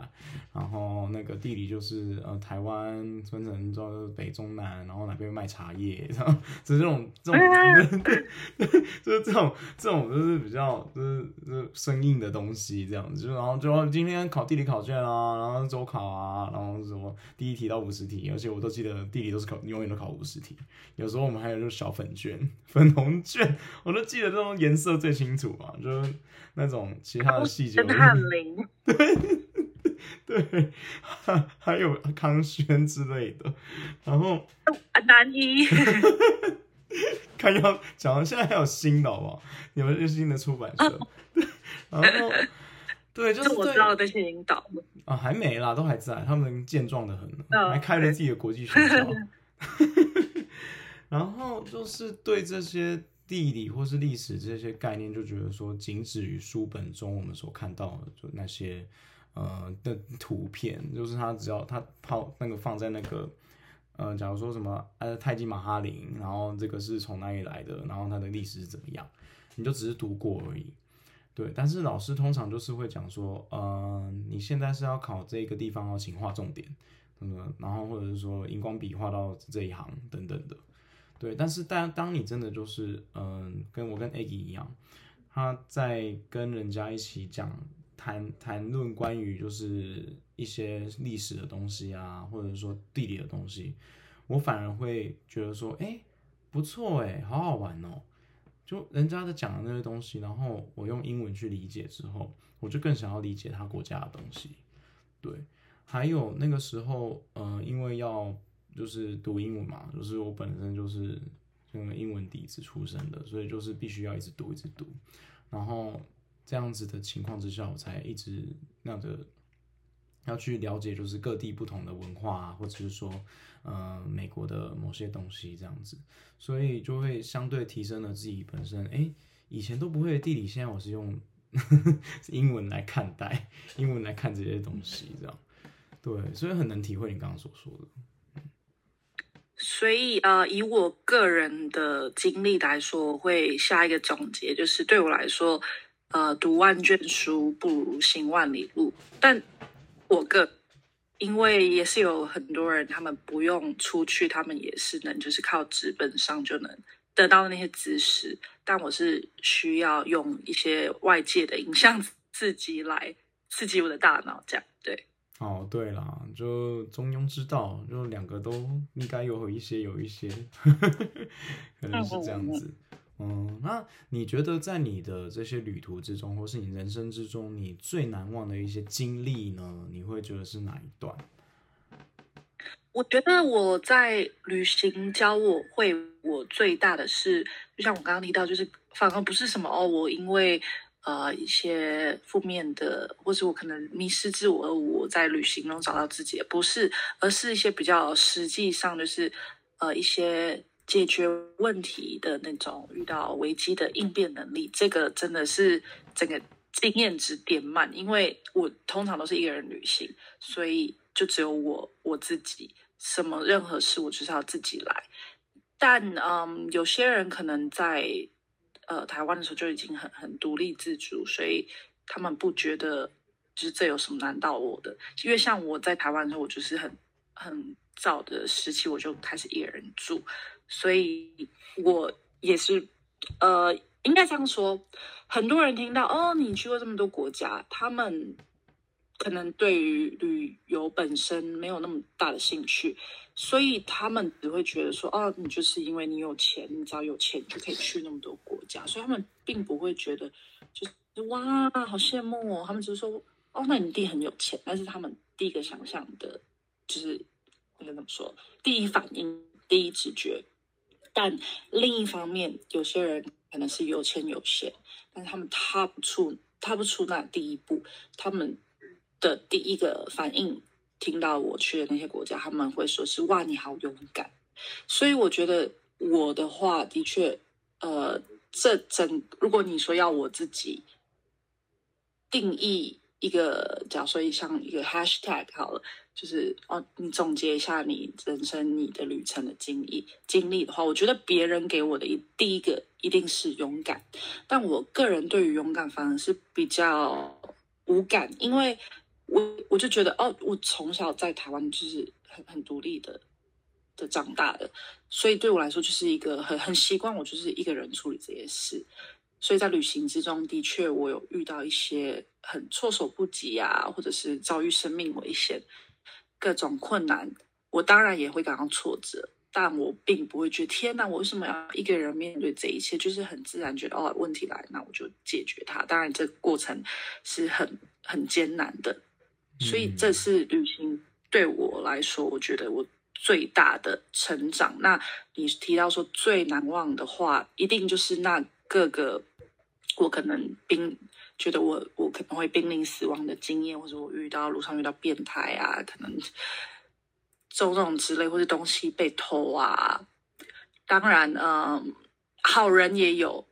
然後那個地理就是呃台灣分成就是北中南，然後哪邊賣茶葉，然後就是這種這種 <laughs> <laughs> 就是這種這種就是比較、就是、就是生硬的東西這樣子，就然後就今天考地理考卷啊，然後周考啊，然然後什麼？第一題到五十題，而且我都記得地理都是考，永遠都考五十題。有時候我們還有就是小粉卷、粉紅卷，我都記得這種顏色最清楚嘛，就是那種其他的細節。翰林，對對，還有康軒之類的。然後南、啊、 <laughs> 一，看要講到現在還有新的好不好？你們是新的出版社？啊、然後。對，就是對我知道這些領導。啊、嗯，還沒啦，都還在，他們健壯得很，哦、還開了自己的國際學校。 <laughs> <laughs> 然後就是對這些地理或是歷史這些概念，就覺得說僅止於書本中我們所看到的，就那些呃的圖片，就是他只要他泡那個放在那個呃，假如說什麼呃，泰姬瑪哈陵，然後這個是從哪裡來的，然後它的歷史是怎麼樣，你就只是讀過而已。對，但是老師通常就是會講說，嗯、呃，你現在是要考這個地方，哦，要請畫重點，嗯，然後或者是說熒光筆畫到這一行等等的。對，但是當當你真的就是，嗯、呃，跟我跟 Eggie 一樣，他在跟人家一起講談談論關於就是一些歷史的東西啊，或者是說地理的東西，我反而會覺得說，哎，不錯哎，好好玩哦。就人家在講的那些東西，然後我用英文去理解之後，我就更想要理解他國家的東西。對，還有那個時候，呃，因為要就是讀英文嘛，就是我本身就是嗯英文底子出身的，所以就是必須要一直讀，一直讀。然後這樣子的情況之下，我才一直那樣的。要去了解，就是各地不同的文化，啊，或者是說，呃，美國的某些東西這樣子，所以就會相對提升了自己本身。誒、欸，以前都不會的地理，現在我是用呵呵是英文來看待，英文來看這些東西，這樣。對，所以很能體會你剛剛所說的。所以，呃，以我個人的經歷來說，我會下一個總結就是，對我來說，呃，讀萬卷書不如行萬里路，但。我個因為也是有很多人，他們不用出去，他們也是能，就是靠紙本上就能得到那些知識。但我是需要用一些外界的影像，刺激來刺激我的大腦，這樣對。哦，對啦，就中庸之道，就兩個都應該有,有一些，有一些，可能是這樣子。嗯，那你覺得在你的這些旅途之中，或是你人生之中，你最難忘的一些經歷呢？你會覺得是哪一段？我覺得我在旅行教我會我最大的事，就像我剛剛提到，就是反而不是什麼哦，我因為呃一些負面的，或是我可能迷失自我，而我在旅行中找到自己，不是，而是一些比較實際上就是呃一些。解決問題的那種，遇到危機的應變能力，這個真的是整個經驗值點滿。因為我通常都是一個人旅行，所以就只有我我自己，什麼任何事我就是要自己來。但嗯，有些人可能在呃台灣的時候就已經很很獨立自主，所以他們不覺得就是這有什麼難倒我的。因為像我在台灣的時候，我就是很很早的時期我就開始一個人住。所以，我也是，呃，應該這樣說，很多人聽到哦，你去過這麼多國家，他們可能對於旅遊本身沒有那麼大的興趣，所以他們只會覺得說，哦，你就是因為你有錢，你只要有錢就可以去那麼多國家，所以他們並不會覺得，就是哇，好羨慕哦。他們只是說，哦，那你一定很有錢，但是他們第一個想象的，就是應該怎麼說？第一反應，第一直覺。但另一方面，有些人可能是有錢有閒，但是他們踏不出踏不出那第一步。他們的第一個反應，聽到我去的那些國家，他們會說是哇，你好勇敢。所以我覺得我的話的確，呃，這整如果你說要我自己定義一個，假如說像一個 hashtag 好了。就是哦，你總結一下你人生，你的旅程的經歷，經歷的話，我覺得別人給我的一第一個一定是勇敢，但我個人對於勇敢反而是比較無感，因為我，我我就覺得哦，我從小在台灣就是很很獨立的的長大的，所以對我來說就是一個很很習慣我就是一個人處理這些事，所以在旅行之中，的確我有遇到一些很措手不及啊，或者是遭遇生命危險。各種困難，我當然也會感到挫折，但我並不會覺得天哪，我為什麼要一個人面對這一切？就是很自然覺得哦，問題來了，那我就解決它。當然，這個過程是很很艱難的，所以這次旅行對我來說，我覺得我最大的成長。那你提到說最難忘的話，一定就是那個個我可能冰。覺得我我可能會瀕臨死亡的經驗，或者我遇到路上遇到變態啊，可能種種之類，或者東西被偷啊。當然，嗯，好人也有，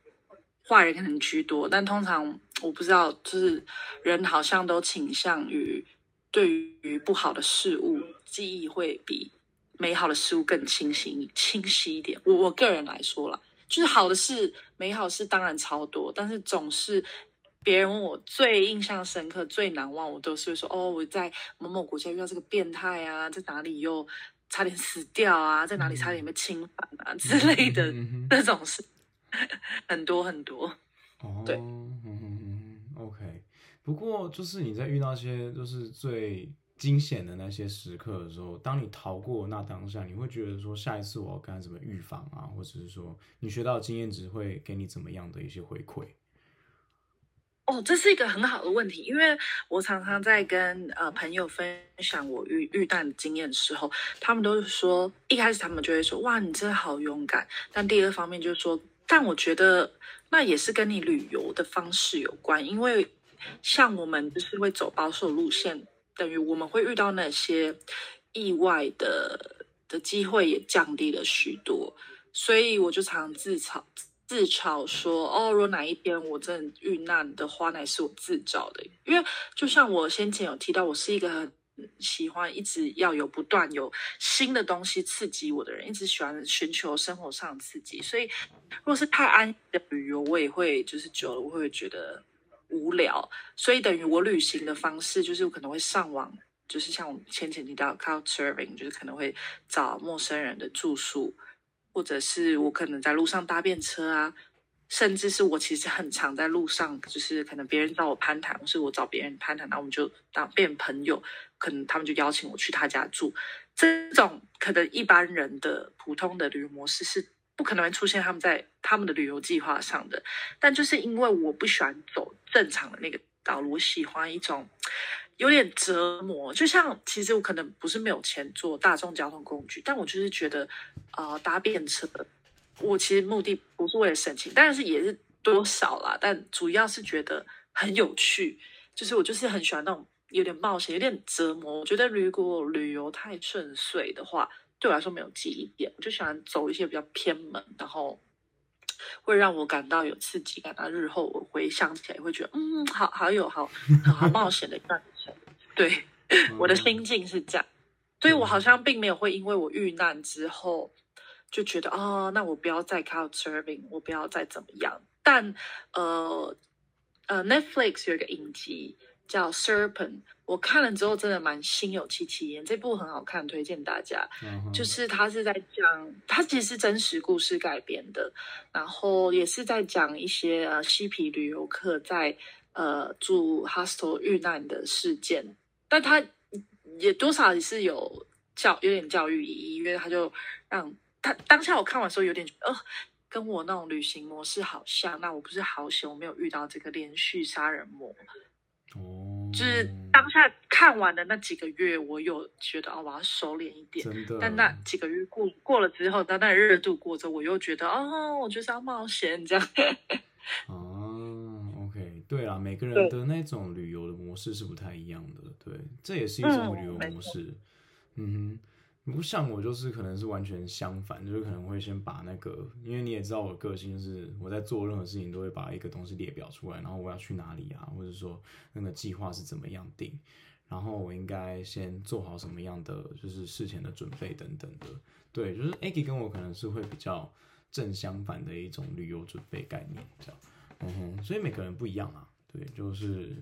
壞人可能居多。但通常我不知道，就是人好像都傾向於對於不好的事物記憶會比美好的事物更清晰清晰一點。我我個人來說啦，就是好的事、美好事當然超多，但是總是，別人問我最印象深刻、最難忘，我都是會說哦，我在某某國家遇到這個變態啊，在哪裡又差點死掉啊，在哪裡差點被侵犯啊、嗯、之類的、嗯嗯嗯嗯、那種事，很多很多。哦、對、嗯、OK。不過就是你在遇到一些就是最驚險的那些時刻的時候，當你逃過那當下，你會覺得說下一次我要該怎麼預防啊，或者是說你學到經驗值會給你怎麼樣的一些回饋？哦，這是一個很好的問題，因為我常常在跟呃朋友分享我遇遇難的經驗的時候，他們都是說一開始他們就會說哇，你真的好勇敢。但第二方面就是說，但我覺得那也是跟你旅遊的方式有關，因為像我們就是會走保守路線，等於我們會遇到那些意外的的機會也降低了許多，所以我就常常自嘲。自嘲說：“哦，若哪一天我真的遇難的話，乃是我自找的。因為就像我先前有提到，我是一個很喜歡一直要有不斷有新的東西刺激我的人，一直喜歡尋求生活上的刺激。所以，如果是太安逸的旅遊，我也會就是久了我會覺得無聊。所以等於我旅行的方式，就是我可能會上網，就是像我先前，前提到 couchsurfing，就是可能會找陌生人的住宿。”或者是我可能在路上搭便車啊，甚至是我其實很常在路上，就是可能別人找我攀談，或是我找別人攀談，那我們就當變朋友，可能他們就邀請我去他家住。這種可能一般人的普通的旅遊模式是不可能會出現他們在他們的旅遊計劃上的，但就是因為我不喜歡走正常的那個道路，我喜歡一種。有點折磨，就像其實我可能不是沒有錢坐大眾交通工具，但我就是覺得啊、呃、搭便車，我其實目的不是為了省錢，但是也是多少啦。但主要是覺得很有趣，就是我就是很喜歡那種有點冒險、有點折磨。我覺得如果旅遊太順遂的話，對我來說沒有記憶點。我就喜歡走一些比較偏門，然後會讓我感到有刺激感，感到日後我回想起來會覺得嗯好好有好很好，好冒險的感覺。 <laughs> 對，uh huh. 我的心境是這樣，所以、uh huh. 我好像並沒有會因為我遇難之後就覺得啊、哦，那我不要再 couchsurfing 我不要再怎麼樣。但呃呃，Netflix 有一個影集叫《Serpent》，我看了之後真的蠻心有戚戚焉，這部很好看，推薦大家。Uh huh. 就是他是在講，他其實是真實故事改編的，然後也是在講一些呃嬉皮旅遊客在呃住 hostel 遇難的事件。但他也多少也是有教有點教育意義，因為他就讓他當下我看完的時候有點覺得，覺哦，跟我那種旅行模式好像。那我不是好險，我沒有遇到這個連續殺人魔。哦。就是當下看完的那幾個月，我有覺得哦，我要收斂一點。真的。但那幾個月過過了之後，到那熱度過之後，我又覺得哦，我就是要冒險，這樣。 <laughs> 哦。對啊，每個人的那種旅遊的模式是不太一樣的，對，對，這也是一種旅遊模式。嗯，嗯哼，不像我就是可能是完全相反，就是可能會先把那個，因為你也知道我個性就是我在做任何事情都會把一個東西列表出來，然後我要去哪裡啊，或者說那個計劃是怎麼樣定，然後我應該先做好什麼樣的就是事前的準備等等的。對，就是 Eggie 跟我可能是會比較正相反的一種旅遊準備概念，這樣。嗯哼，所以每個人不一樣啊，對，就是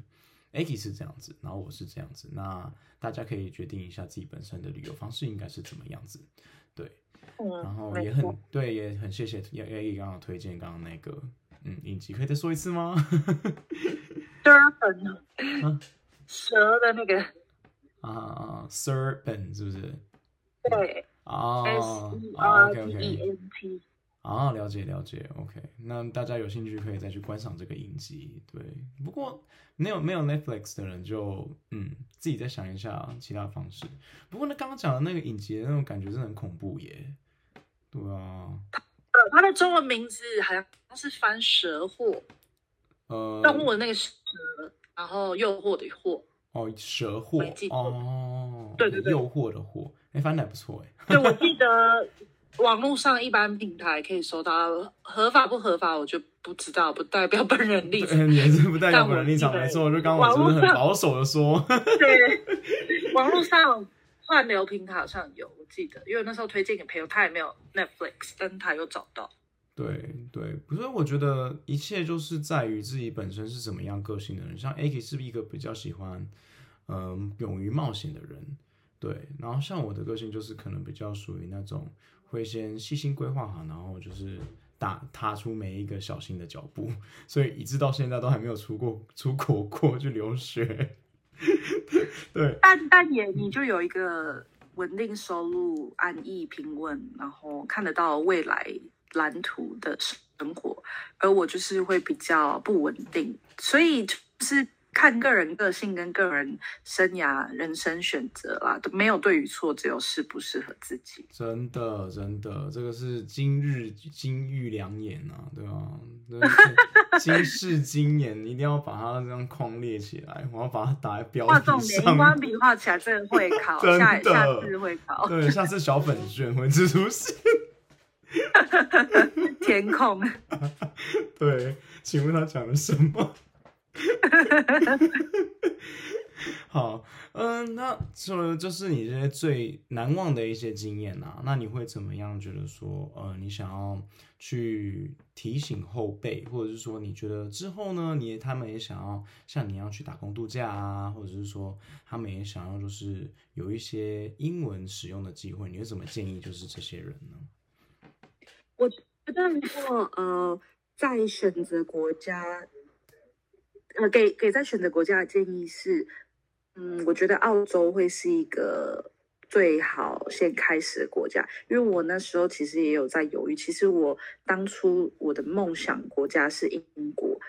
Aki 是這樣子，然後我是這樣子，那大家可以決定一下自己本身的旅遊方式應該是怎麼樣子，對，嗯、然後也很國對，也很謝謝，a 艾奇剛剛推薦剛剛那個，嗯，影集可以再說一次嗎？蛇粉呢？蛤蛇的那個啊、uh, uh,，serpent 是不是？對啊，s,、uh, S, S e r d e n p。Uh, okay, okay, yeah. 啊，了解了解，OK。那大家有興趣可以再去觀賞這個影集。對，不過沒有沒有 Netflix 的人就，嗯，自己再想一下其他方式。不過呢，剛剛講的那個影集的那種感覺真的很恐怖耶。對啊。呃，它的中文名字好像它是翻蛇惑。呃，動物的那個蛇，然後誘惑的惑。哦，蛇惑。哦，對對對，誘惑的惑，哎、欸，翻得還不錯哎。對，我記得。 <laughs> 網絡上一般平台可以搜到，合法不合法我就不知道，不代表本人立場，但我，沒錯就剛剛我就是很保守的說。 <laughs> 對，網絡上串 <laughs> 流平台好像有，我記得，因為那時候推薦給朋友，他也沒有 Netflix，但他有找到。對對，所以我覺得一切就是在於自己本身是怎麼樣個性的人，像 Aki 是不是一個比較喜歡，嗯，勇於冒險的人？對，然後像我的個性就是可能比較屬於那種，會先細心規劃好，然後就是踏踏出每一個小心的腳步，所以一直到現在都還沒有出過出國過去留學。 <laughs> 對， <laughs> 但但也你就有一個穩定收入，安逸平穩，然後看得到未來藍圖的生活，而我就是會比較不穩定，所以就是。看個人個性跟個人生涯、人生選擇啦，都沒有對與錯，只有適不適合自己。真的，真的，這個是今日金玉良言啊，對啊，真的是今世金言， <laughs> 你一定要把它這樣框列起來，我要把它打在標題上。畫重點，鋼筆畫起來真的會考， <laughs> 的下下次會考，對，下次小粉卷會出題。填 <laughs> <laughs> 空。 <laughs> 對，請問他講了什麼？哈， <laughs> <laughs> 好，嗯，那說就是你這些最難忘的一些經驗吶、啊，那你會怎麼樣覺得說，呃，你想要去提醒後輩，或者是說你覺得之後呢，你他們也想要像你一樣去打工度假啊，或者是說他們也想要就是有一些英文使用的機會，你會怎麼建議？就是這些人呢？我覺得如果呃，在選擇國家。呃，給給在選擇國家的建議是，嗯，我覺得澳洲會是一個最好先開始的國家，因為我那時候其實也有在猶豫。其實我當初我的夢想國家是英國，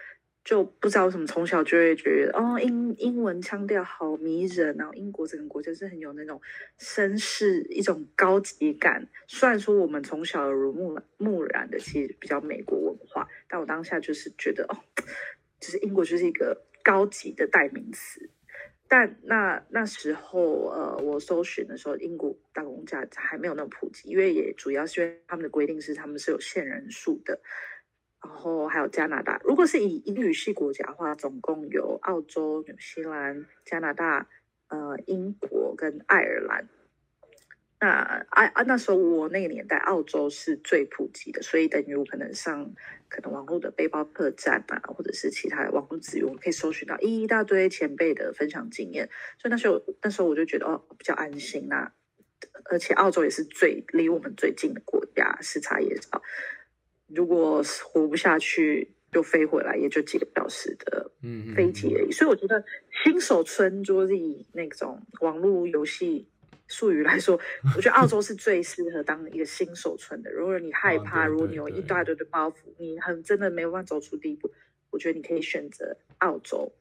就不知道為什麼從小就會覺得哦英英文腔調好迷人，然後英國整個國家是很有那種紳士一種高級感。雖然說我們從小耳濡目染的其實比較美國文化，但我當下就是覺得哦。就是英國就是一個高級的代名詞，但那那時候，呃，我搜尋的時候，英國打工假還沒有那麼普及，因為也主要是因為他們的規定是他們是有限人數的，然後還有加拿大，如果是以英語系國家的話，總共有澳洲、紐西蘭、加拿大、呃，英國跟愛爾蘭。那啊那時候我那個年代，澳洲是最普及的，所以等於我可能上可能網絡的背包客棧啊，或者是其他的網絡資源，我可以搜尋到一大堆前輩的分享經驗。所以那時候，那時候我就覺得哦，比較安心啦、啊。而且澳洲也是最離我們最近的國家，時差也少。如果活不下去，就飛回來，也就幾個小時的飛機而已。嗯嗯嗯，所以我覺得新手村主要是以那種網絡遊戲。術語來說，我覺得澳洲是最適合當一個新手村的。 <laughs> 如果你害怕，啊、對對對，如果你有一大堆的包袱，你很真的沒有辦法走出第一步，我覺得你可以選擇澳洲。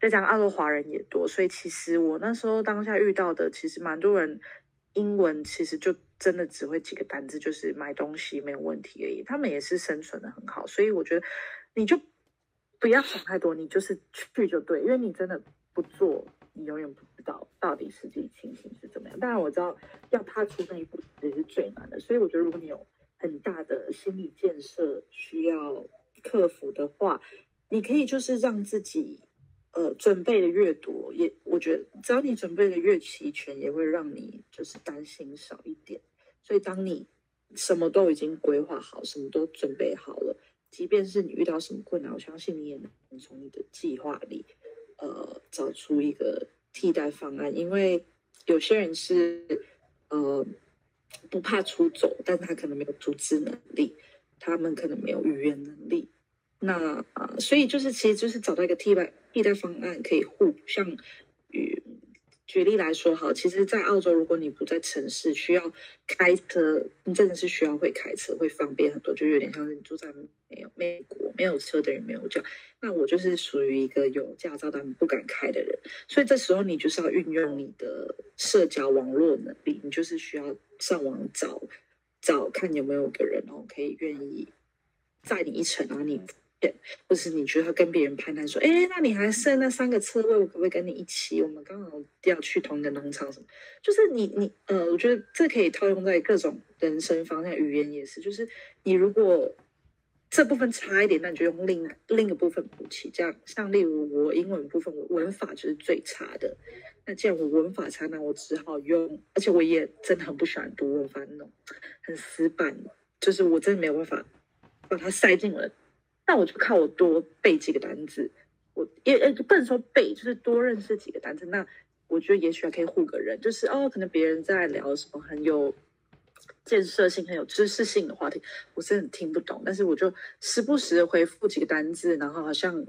再加上澳洲華人也多，所以其實我那時候當下遇到的，其實蠻多人英文其實就真的只會幾個單字，就是買東西沒有問題而已。他們也是生存的很好，所以我覺得你就不要想太多，你就是去就對，因為你真的不做，你永遠不做。到到底實際情形是怎麼樣？當然我知道要踏出那一步也是最難的，所以我覺得如果你有很大的心理建設需要克服的話，你可以就是讓自己呃準備的越多，也我覺得只要你準備的越齊全，也會讓你就是擔心少一點。所以當你什麼都已經規劃好，什麼都準備好了，即便是你遇到什麼困難，我相信你也能從你的計劃裡呃找出一個替代方案，因為有些人是呃不怕出走，但他可能沒有組織能力，他們可能沒有語言能力，那、呃、所以就是其實就是找到一個替代替代方案，可以互相與。舉例來說，好，其實，在澳洲，如果你不在城市，需要開車，你真的是需要會開車，會方便很多，就有點像是你住在沒有美國沒有車的人沒有叫，那我就是屬於一個有駕照但不敢開的人，所以這時候你就是要運用你的社交網絡能力，你就是需要上網找找看有沒有個人哦可以願意載你一程啊，然後你。Yeah, 或是你覺得要跟別人攀談說：“哎、欸，那你還剩那三個車位，我可不可以跟你一起？我們剛好要去同一個農場，什麼？就是你，你，呃，我覺得這可以套用在各種人生方向，語言也是。就是你如果這部分差一點，那你就用另另一個部分補齊。這樣，像例如我英文部分，我文法就是最差的。那既然我文法差，那我只好用，而且我也真的很不喜歡讀文法那種很死板，就是我真的沒有辦法把它塞進了。那我就看我多背幾個單詞，我也呃，不能說背，就是多認識幾個單詞。那我覺得也許還可以互個人，就是哦，可能別人在聊什麼很有建設性、很有知識性的話題，我是很聽不懂，但是我就時不時的回復幾個單字，然後好像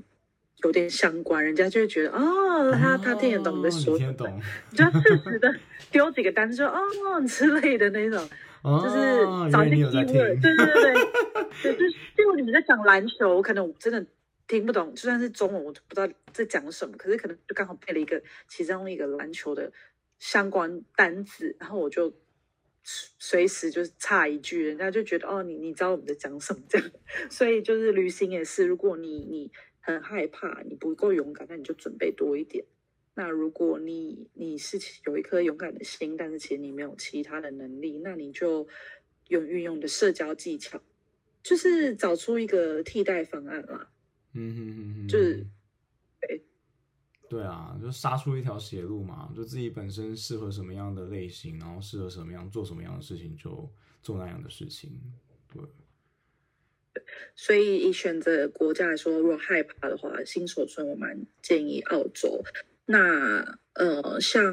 有點相關，人家就會覺得哦，他他聽得懂的說、哦，你懂，就適時的丟幾個單詞哦，哦之類的那種，哦、就是找點機會，對對對。 <laughs> 可是，就你們在講籃球，我可能我真的聽不懂，就算是中文，我都不知道在講什麼。可是可能就剛好背了一個，其中一個籃球的相關單字，然後我就隨時就是插一句，人家就覺得哦，你你知道我們在講什麼這樣。所以就是旅行也是，如果你你很害怕，你不夠勇敢，那你就準備多一點。那如果你你是有一顆勇敢的心，但是其實你沒有其他的能力，那你就用運用你的社交技巧。就是找出一個替代方案啦。嗯哼哼哼，就是，對，對啊，就殺出一條血路嘛，就自己本身適合什麼樣的類型，然後適合什麼樣、做什麼樣的事情，就做那樣的事情，對。所以以選擇國家來說，如果害怕的話，新手村我蠻建議澳洲。那呃，像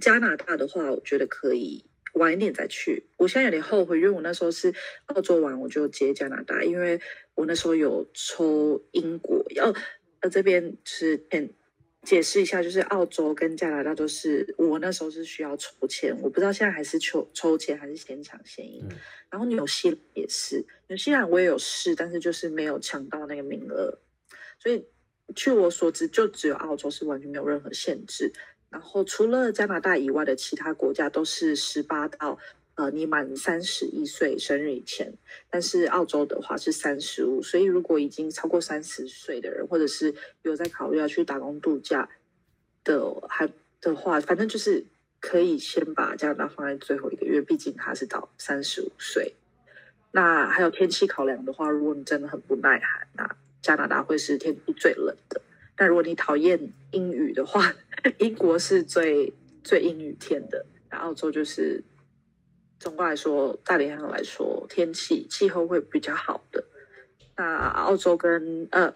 加拿大的話，我覺得可以，晚一點再去，我現在有點後悔，因為我那時候是澳洲完我就接加拿大，因為我那時候有抽英國，要、哦、呃，這邊是嗯，解釋一下，就是澳洲跟加拿大都是我那時候是需要抽籤，我不知道現在還是抽抽籤還是先搶先贏？嗯、然後紐西蘭也是紐西蘭，我也有試，但是就是沒有搶到那個名額，所以據我所知，就只有澳洲是完全沒有任何限制。然後除了加拿大以外的其他國家都是十八到呃，你滿三十一歲生日以前。但是澳洲的話是三十五，所以如果已經超過三十歲的人，或者是有在考慮要去打工度假的還的話，反正就是可以先把加拿大放在最後一個，月，畢竟它是到三十五歲。那還有天氣考量的話，如果你真的很不耐寒，那加拿大會是天氣最冷的。但如果你討厭陰雨的話，英國是最最陰雨天的。那澳洲就是，總的來說，大體上來說，天氣氣候會比較好的。那澳洲跟呃，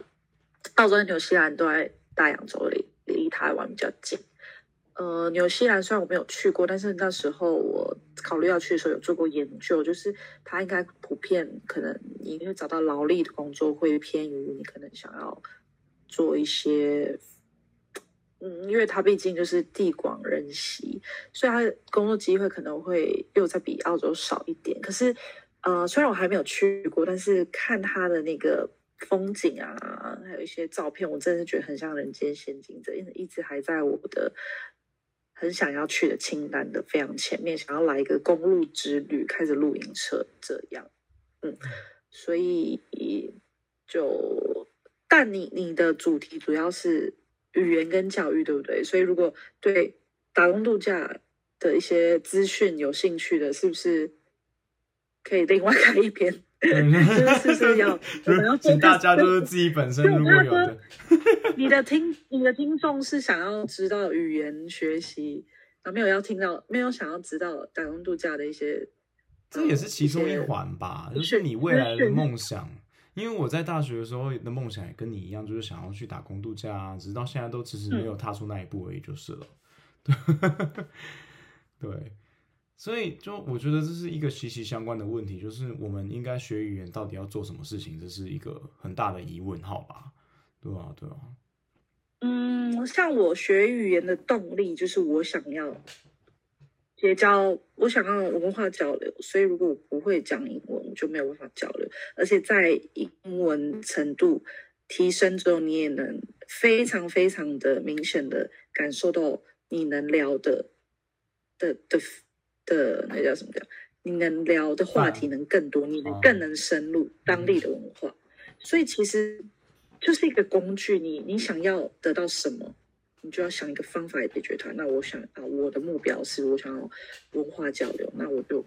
澳洲跟紐西蘭都在大洋洲離，離台灣比較近。呃，紐西蘭雖然我沒有去過，但是那時候我考慮要去的時候有做過研究，就是它應該普遍可能你會找到勞力的工作會偏於你可能想要，做一些，嗯，因為他畢竟就是地廣人稀，所以他的工作機會可能會又再比澳洲少一點。可是，呃，雖然我還沒有去過，但是看他的那個風景啊，還有一些照片，我真的是覺得很像人間仙境。這一直一直還在我的很想要去的清單的非常前面，想要來一個公路之旅，開著露營車這樣，嗯，所以就。但你你的主題主要是語言跟教育，對不對？所以如果對打工度假的一些資訊有興趣的，是不是可以另外開一篇？ <laughs> <laughs> 就是是，不是要 <laughs> 請大家就是自己本身如， <laughs> <laughs> 如果有的，你的聽你的聽眾是想要知道語言學習，沒有要聽到沒有想要知道打工度假的一些，這也是其中一環吧，就是你未來的夢想。因為我在大學的時候的夢想也跟你一樣，就是想要去打工度假，啊，直到現在都遲遲沒有踏出那一步而已，就是了。對， <laughs> 對，所以就我覺得這是一個息息相關的問題，就是我們應該學語言到底要做什麼事情，這是一個很大的疑問，好吧？對啊，對啊。嗯，像我學語言的動力就是我想要。結交，我想要文化交流，所以如果我不會講英文，我就沒有辦法交流。而且在英文程度提升之後，你也能非常非常的明顯的感受到，你能聊的的的的那叫什麼叫？叫你能聊的話題能更多，你能更能深入當地的文化。所以其實就是一個工具，你你想要得到什麼？你就要想一個方法來解決它。那我想啊，我的目標是我想要文化交流。那我就，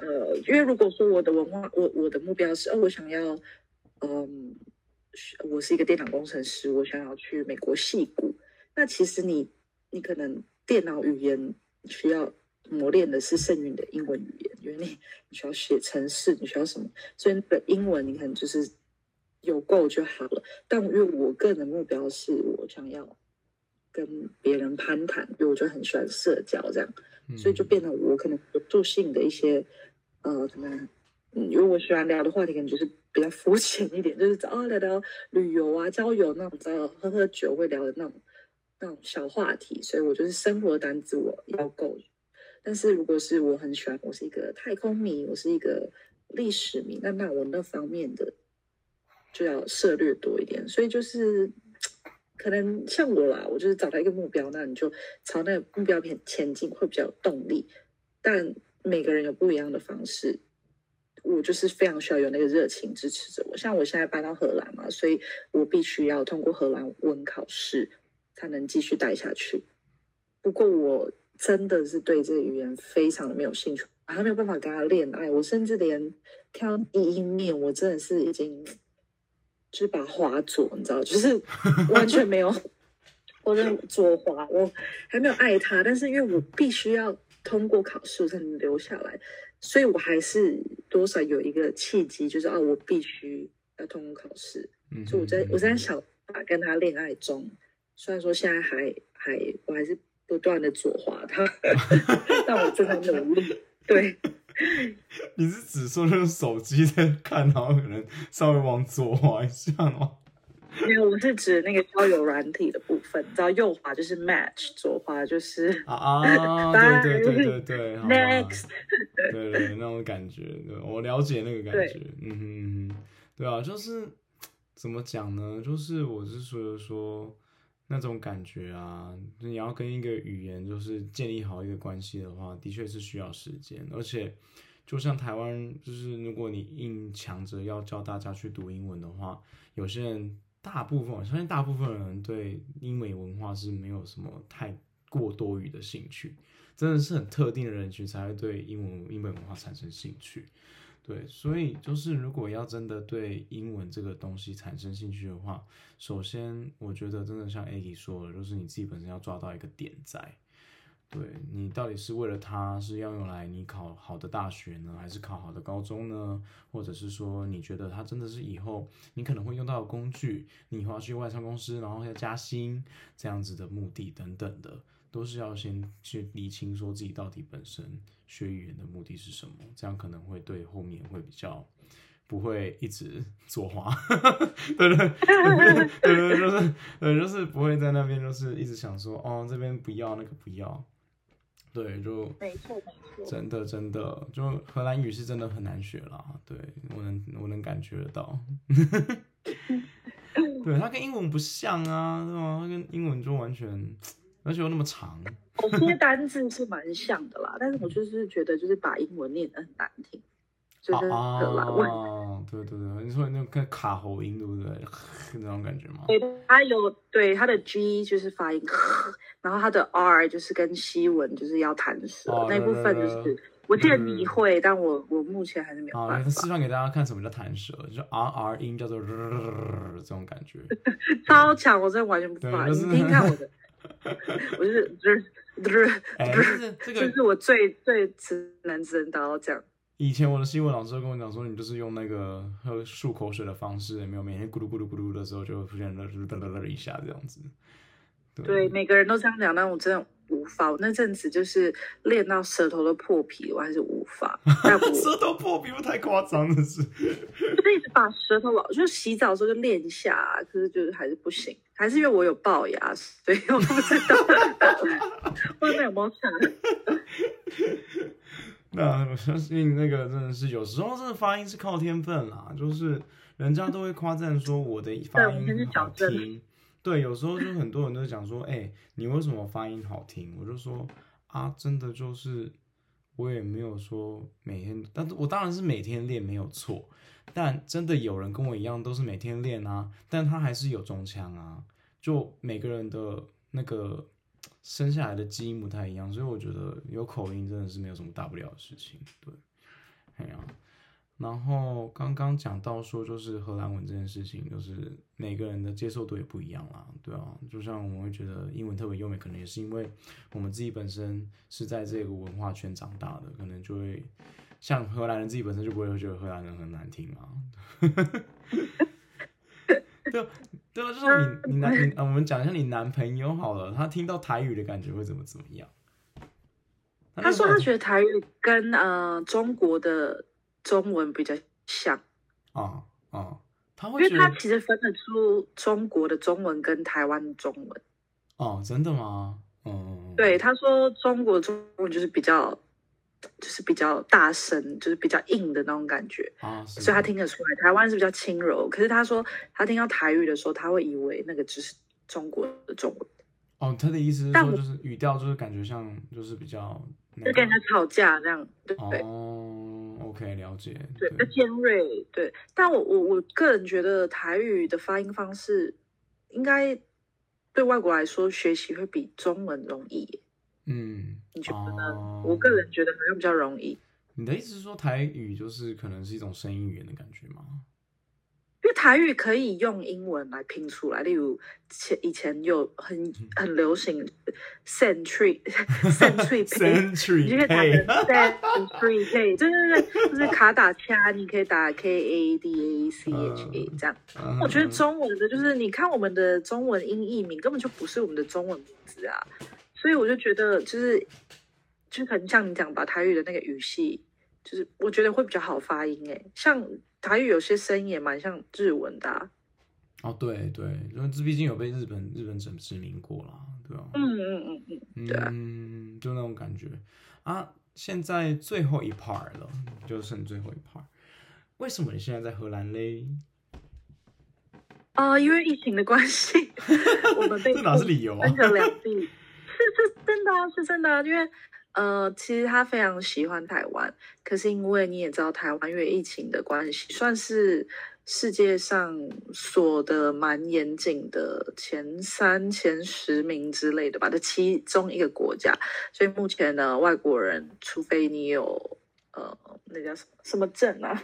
呃，因為如果說我的文化，我我的目標是，哦、呃，我想要，嗯，我是一個電腦工程師，我想要去美國硅谷。那其實你，你可能電腦語言需要磨練的是剩餘的英文語言，因為你你需要寫程式，你需要什麼，所以你的英文你可能就是有夠就好了。但因為我個人的目標是我想要。跟別人攀談，因為我就很喜歡社交，這樣，所以就變得我可能輔助性的一些、嗯、呃，可能嗯，因為我喜歡聊的話題可能就是比較膚淺一點，就是哦聊聊旅遊啊、交友那種，知道喝喝酒會聊的那種那種小話題。所以我就是生活的單字我要夠，但是如果是我很喜歡，我是一個太空迷，我是一個歷史迷，那那我那方面的就要涉獵多一點，所以就是。可能像我啦，我就是找到一個目標，那你就朝那個目標前前進，會比較有動力。但每個人有不一樣的方式，我就是非常需要有那個熱情支持着我。像我現在搬到荷蘭嘛，所以我必須要通過荷蘭文考試，才能繼續待下去。不過我真的是對這個語言非常的沒有興趣，我還沒有辦法跟他戀愛。我甚至連挑第一面，我真的是已經。就是把滑左，你知道，就是完全沒有 <laughs> 我在左滑，我還沒有愛他，但是因為我必須要通過考試才能留下來，所以我還是多少有一個契機，就是啊，我必須要通過考試，就、嗯嗯嗯嗯、我在我在想跟他戀愛中，雖然說現在還還，我還是不斷的左滑他， <laughs> 但我正在努力， <laughs> 對。 <laughs> 你是指說用手機在看，然後可能稍微往左滑一下嗎？我 <laughs> 我是指那個交友軟體的部分，你知道右滑就是 match，左滑就是啊啊， <laughs> 對對對對對，next，好對，對對，那種感覺對，我了解那個感覺，對嗯哼，哼，對啊，就是怎麼講呢？就是我是說的說。那種感覺啊，你要跟一個語言就是建立好一個關係的話，的確是需要時間。而且，就像台灣，就是如果你硬強着要教大家去讀英文的話，有些人，大部分我相信，大部分人對英美文化是沒有什麼太過多餘的興趣，真的是很特定的人群才會對英文，英美文化產生興趣。對，所以就是如果要真的對英文這個東西產生興趣的話，首先我覺得真的像 Eggie 說的，就是你自己本身要抓到一個點在，對你到底是為了它是要用來你考好的大學呢，還是考好的高中呢，或者是說你覺得它真的是以後你可能會用到的工具，你以後要去外商公司然後要加薪這樣子的目的等等的。都是要先去理清，說自己到底本身學語言的目的是什麼，這樣可能會對後面會比較不會一直左滑。 <laughs> 對對對， <laughs> <laughs> 對對對，就是對就是不會在那邊就是一直想說哦這邊不要，那個不要，對就沒錯沒錯，真的真的，就荷蘭語是真的很難學啦，對我能我能感覺得到。 <laughs> 對它跟英文不像啊，對嗎？它跟英文就完全。而且又那麼長，我貼單字是蠻像的啦，但是我就是覺得就是把英文念得很難聽，就得啊對對對，你說那種卡喉音對不對？那種感覺嗎？對，它有對它的 G 就是發音，然後它的 R 就是跟西文就是要彈舌那部分就是，我記得你會，但我我目前還是沒有辦法。我示範給大家看什麼叫彈舌，就是 R R 音叫做這種感覺，超強！我真的完全不怕，你可以看我的。我就 <laughs> 是，就是，這是就是我最最只能只能打到這樣。以前我的新聞老師跟我講說，你就是用那個喝漱口水的方式，欸，沒有每天咕嚕咕嚕咕嚕的時候，就會出現噔噔噔噔一下這樣子。對，每個人都這樣講，但我真的。無法，我那陣子就是練到舌頭都破皮，我還是無法。 <laughs> 舌頭破皮不太誇張的是，就是一直把舌頭老，就洗澡的時候就練一下、啊，可是就是還是不行，還是因為我有齙牙，所以我都不知道。外面有沒有人？那我相信那個真的是，有時候真的發音是靠天分啦，就是人家都會誇讚說我的發音是小 <laughs> 聽。對，有時候就很多人都講說，哎、欸，你為什麼發音好聽？我就說啊，真的就是我也沒有說每天，但我當然是每天練沒有錯，但真的有人跟我一樣都是每天練啊，但他還是有重腔啊，就每個人的那個生下來的基因不太一樣，所以我覺得有口音真的是沒有什麼大不了的事情。對，呀、啊。然後剛剛講到說，就是荷蘭文這件事情，就是每個人的接受度也不一樣啦，對啊，就像我會覺得英文特別優美，可能也是因為我們自己本身是在這個文化圈長大的，可能就會像荷蘭人自己本身就不會覺得荷蘭人很難聽嘛。對啊，對啊，對啊，就是你你男朋，我們講一下你男朋友好了，他聽到台語的感覺會怎麼怎麼樣？他說他覺得台語跟呃中國的。中文比較像，啊啊、哦哦，他會因為他其實分得出中國的中文跟台灣的中文，哦，真的嗎？嗯、哦，對，他說中國的中文就是比較，就是比較大聲，就是比較硬的那種感覺啊，所以他聽得出來，台灣是比較輕柔。可是他說他聽到台語的時候，他會以為那個只是中國的中文，哦，他的意思是說，但就是語調就是感覺像，就是比較。就跟人家吵架這樣，對不？哦、對？哦，OK，了解。對，就對尖銳。對，但我我我個人覺得台語的發音方式，應該對外國來說學習會比中文容易。嗯，你覺得呢？哦、我個人覺得好像比較容易。你的意思是說台語就是可能是一種聲音語言的感覺嗎？因為台語可以用英文來拼出來，例如前以前有很很流行 century century，你就可以打個 century k，對對對，pay, <laughs> 就是就是卡打恰，你可以打 k a d a c h a 這樣。Uh, uh huh. 我覺得中文的就是你看我們的中文音譯名根本就不是我們的中文名字啊，所以我就覺得就是，就很像你講吧，把台語的那個語系，就是我覺得會比較好發音哎、欸，像。台語有些聲音也蠻像日文的、啊，哦，對對，因為這畢竟有被日本日本整殖民過啦。對吧？嗯嗯嗯嗯，嗯嗯對、啊，就那種感覺啊。現在最後一 part 了，就剩、是、最後一 part。為什麼你現在在荷蘭嘞？啊、呃，因為疫情的關係，我們被封着兩地，這哪是理由啊，是 <laughs> <laughs> 是，真的是真的，、啊是真的啊，因為。呃，uh, 其實他非常喜歡台灣，可是因為你也知道，台灣因為疫情的關係，算是世界上鎖得蠻嚴謹的前三、前十名之類的吧，的其中一個國家。所以目前呢，外國人除非你有呃，那叫什麼什麼證啊，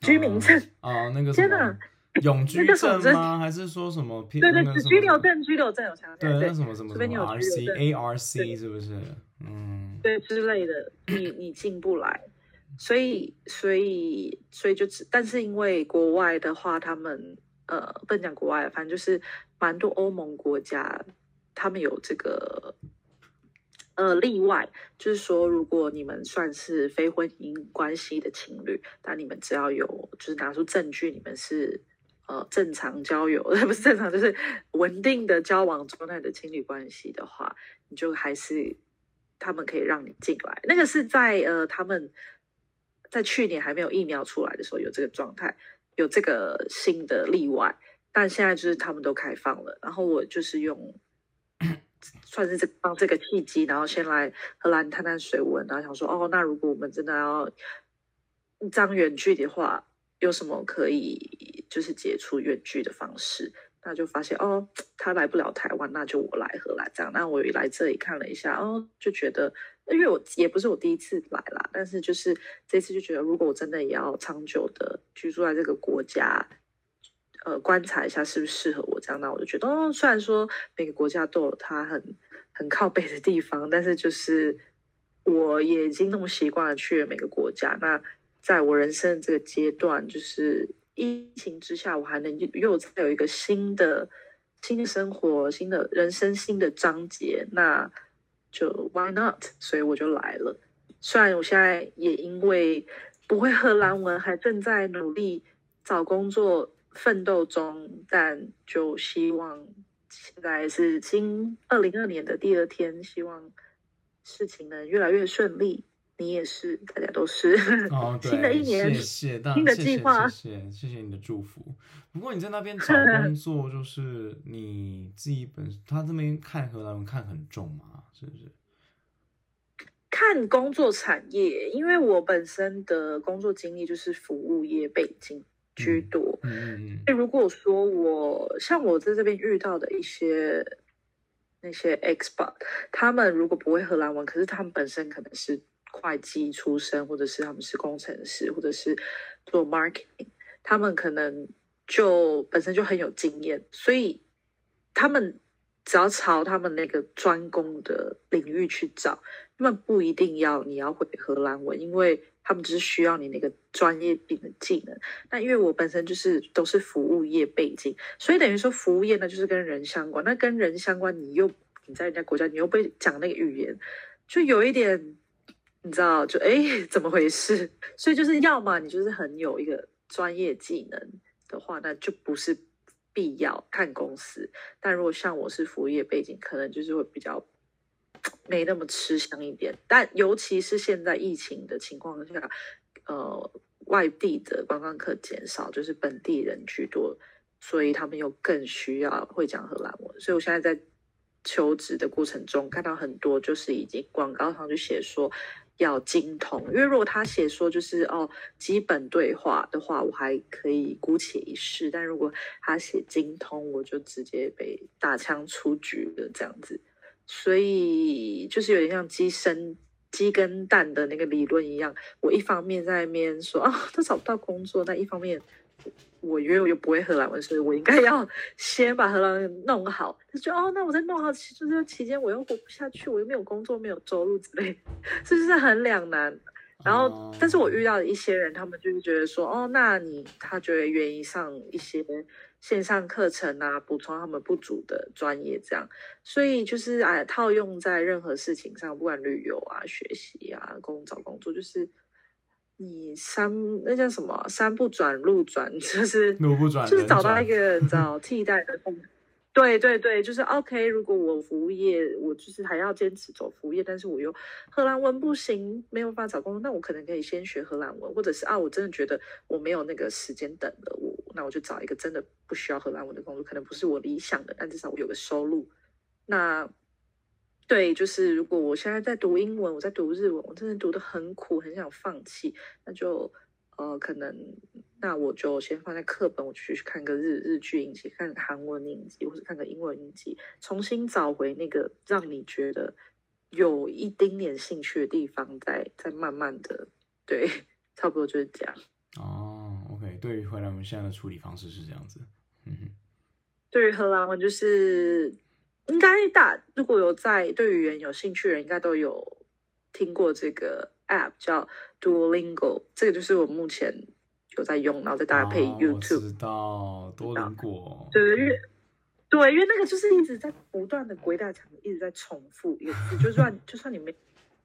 居民證、uh, uh, 啊，那個真的。永居證嗎？ <laughs> 還是說什麼？對，對對，只居留證、居留證，有啥？對，那什麼什麼 R C A R C 是不是？對嗯，對之類的，你你進不來。所以，所以，所以就只，但是因為國外的話，他們呃，不講國外，反正就是蠻多歐盟國家，他們有這個呃例外，就是說，如果你們算是非婚姻關係的情侶，但你們只要有就是拿出證據，你們是。呃，正常交友不是正常，就是穩定的交往狀態的情侶關係的話，你就還是他們可以讓你進來。那個是在呃，他們在去年還沒有疫苗出來的時候有這個狀態，有這個新的例外。但現在就是他們都開放了，然後我就是用算是這幫、個、這個契機，然後先來荷蘭探探水溫，然後想說哦，那如果我們真的要一張遠距的話。有什麼可以就是接觸遠距的方式，那就發現哦，他來不了台灣，那就我來荷蘭這樣。那我來這裡看了一下，哦，就覺得，因為我也不是我第一次來啦，但是就是這次就覺得，如果我真的也要長久的居住在這個國家，呃，觀察一下是不是適合我這樣，那我就覺得，哦，雖然說每個國家都有它很很靠北的地方，但是就是我也已經那麼習慣了去每個國家，那。在我人生的這個階段，就是疫情之下，我還能又再有一個新的、新的生活、新的人生、新的章節，那就 Why not？所以我就來了。雖然我現在也因為不會荷蘭文，還正在努力找工作奮鬥中，但就希望現在是今2022年的第二天，希望事情能越來越順利。你也是，大家都是、哦、新的一年，謝謝新的計劃，謝謝謝謝，謝謝你的祝福。不過你在那邊找工作，就是你自己本 <laughs> 他這邊看荷蘭文看很重嘛，是不是？看工作產業，因為我本身的工作經歷就是服務業背景居多。嗯，嗯，嗯。如果說我像我在這邊遇到的一些那些 Expat 他們如果不會荷蘭文，可是他們本身可能是。會計出身，或者是他們是工程師，或者是做 marketing，他們可能就本身就很有經驗，所以他們只要朝他們那個專攻的領域去找，他們不一定要你要會荷蘭文，因為他們只是需要你那個專業性的技能。那因為我本身就是都是服務業背景，所以等於說服務業呢就是跟人相關，那跟人相關，你又你在人家國家，你又不會講那個語言，就有一點。你知道，就，哎，怎麼回事？所以就是，要嘛你就是很有一個專業技能的話，那就不是必要看公司。但如果像我是服務業背景，可能就是會比較沒那麼吃香一點。但尤其是現在疫情的情況下，呃，外地的觀光客減少，就是本地人居多，所以他們又更需要會講荷蘭文。所以我現在在求職的過程中，看到很多就是已經廣告上就寫說。要精通，因為如果他寫說就是哦基本對話的話，我還可以姑且一試；但如果他寫精通，我就直接被打槍出局了這樣子。所以就是有點像雞生雞跟蛋的那個理論一樣，我一方面在那邊說啊、哦、都找不到工作，但一方面。我因為我又不會荷蘭文，所以我應該要先把荷蘭文弄好。他說哦，那我在弄好期，就是期間我又活不下去，我又沒有工作，沒有收入之類，這就是很兩難。然後，但是我遇到的一些人，他們就是覺得說，哦，那你他覺得願意上一些線上課程啊，補充他們不足的專業，這樣，所以就是哎，套用在任何事情上，不管旅遊啊、學習啊、工找工作，就是。你三那叫什麼？三不轉路轉，就是路不轉，就是找到一個找替代的工作。工 <laughs> 對對對，就是 OK。如果我服務業，我就是還要堅持走服務業，但是我又荷蘭文不行，沒有辦法找工作，那我可能可以先學荷蘭文，或者是啊，我真的覺得我沒有那個時間等了我，那我就找一個真的不需要荷蘭文的工作，可能不是我理想的，但至少我有個收入。那。對，就是如果我現在在讀英文，我在讀日文，我真的讀得很苦，很想放棄，那就呃，可能那我就先放在課本，我去看個日日劇影集，看韓文影集，或是看個英文影集，重新找回那個讓你覺得有一丁點興趣的地方，再再慢慢的，對，差不多就是這樣。哦，OK，對於回來，我們現在的處理方式是這樣子。嗯哼，對於荷蘭文就是。應該大，如果有在對語言有興趣的人，應該都有聽過這個 app 叫 Duolingo，這個就是我目前有在用，然後再搭配 YouTube、啊。我知道 Duolingo。對，因為對，因為那個就是一直在不斷的鬼打牆，一直在重複。 <laughs> 就算就算你沒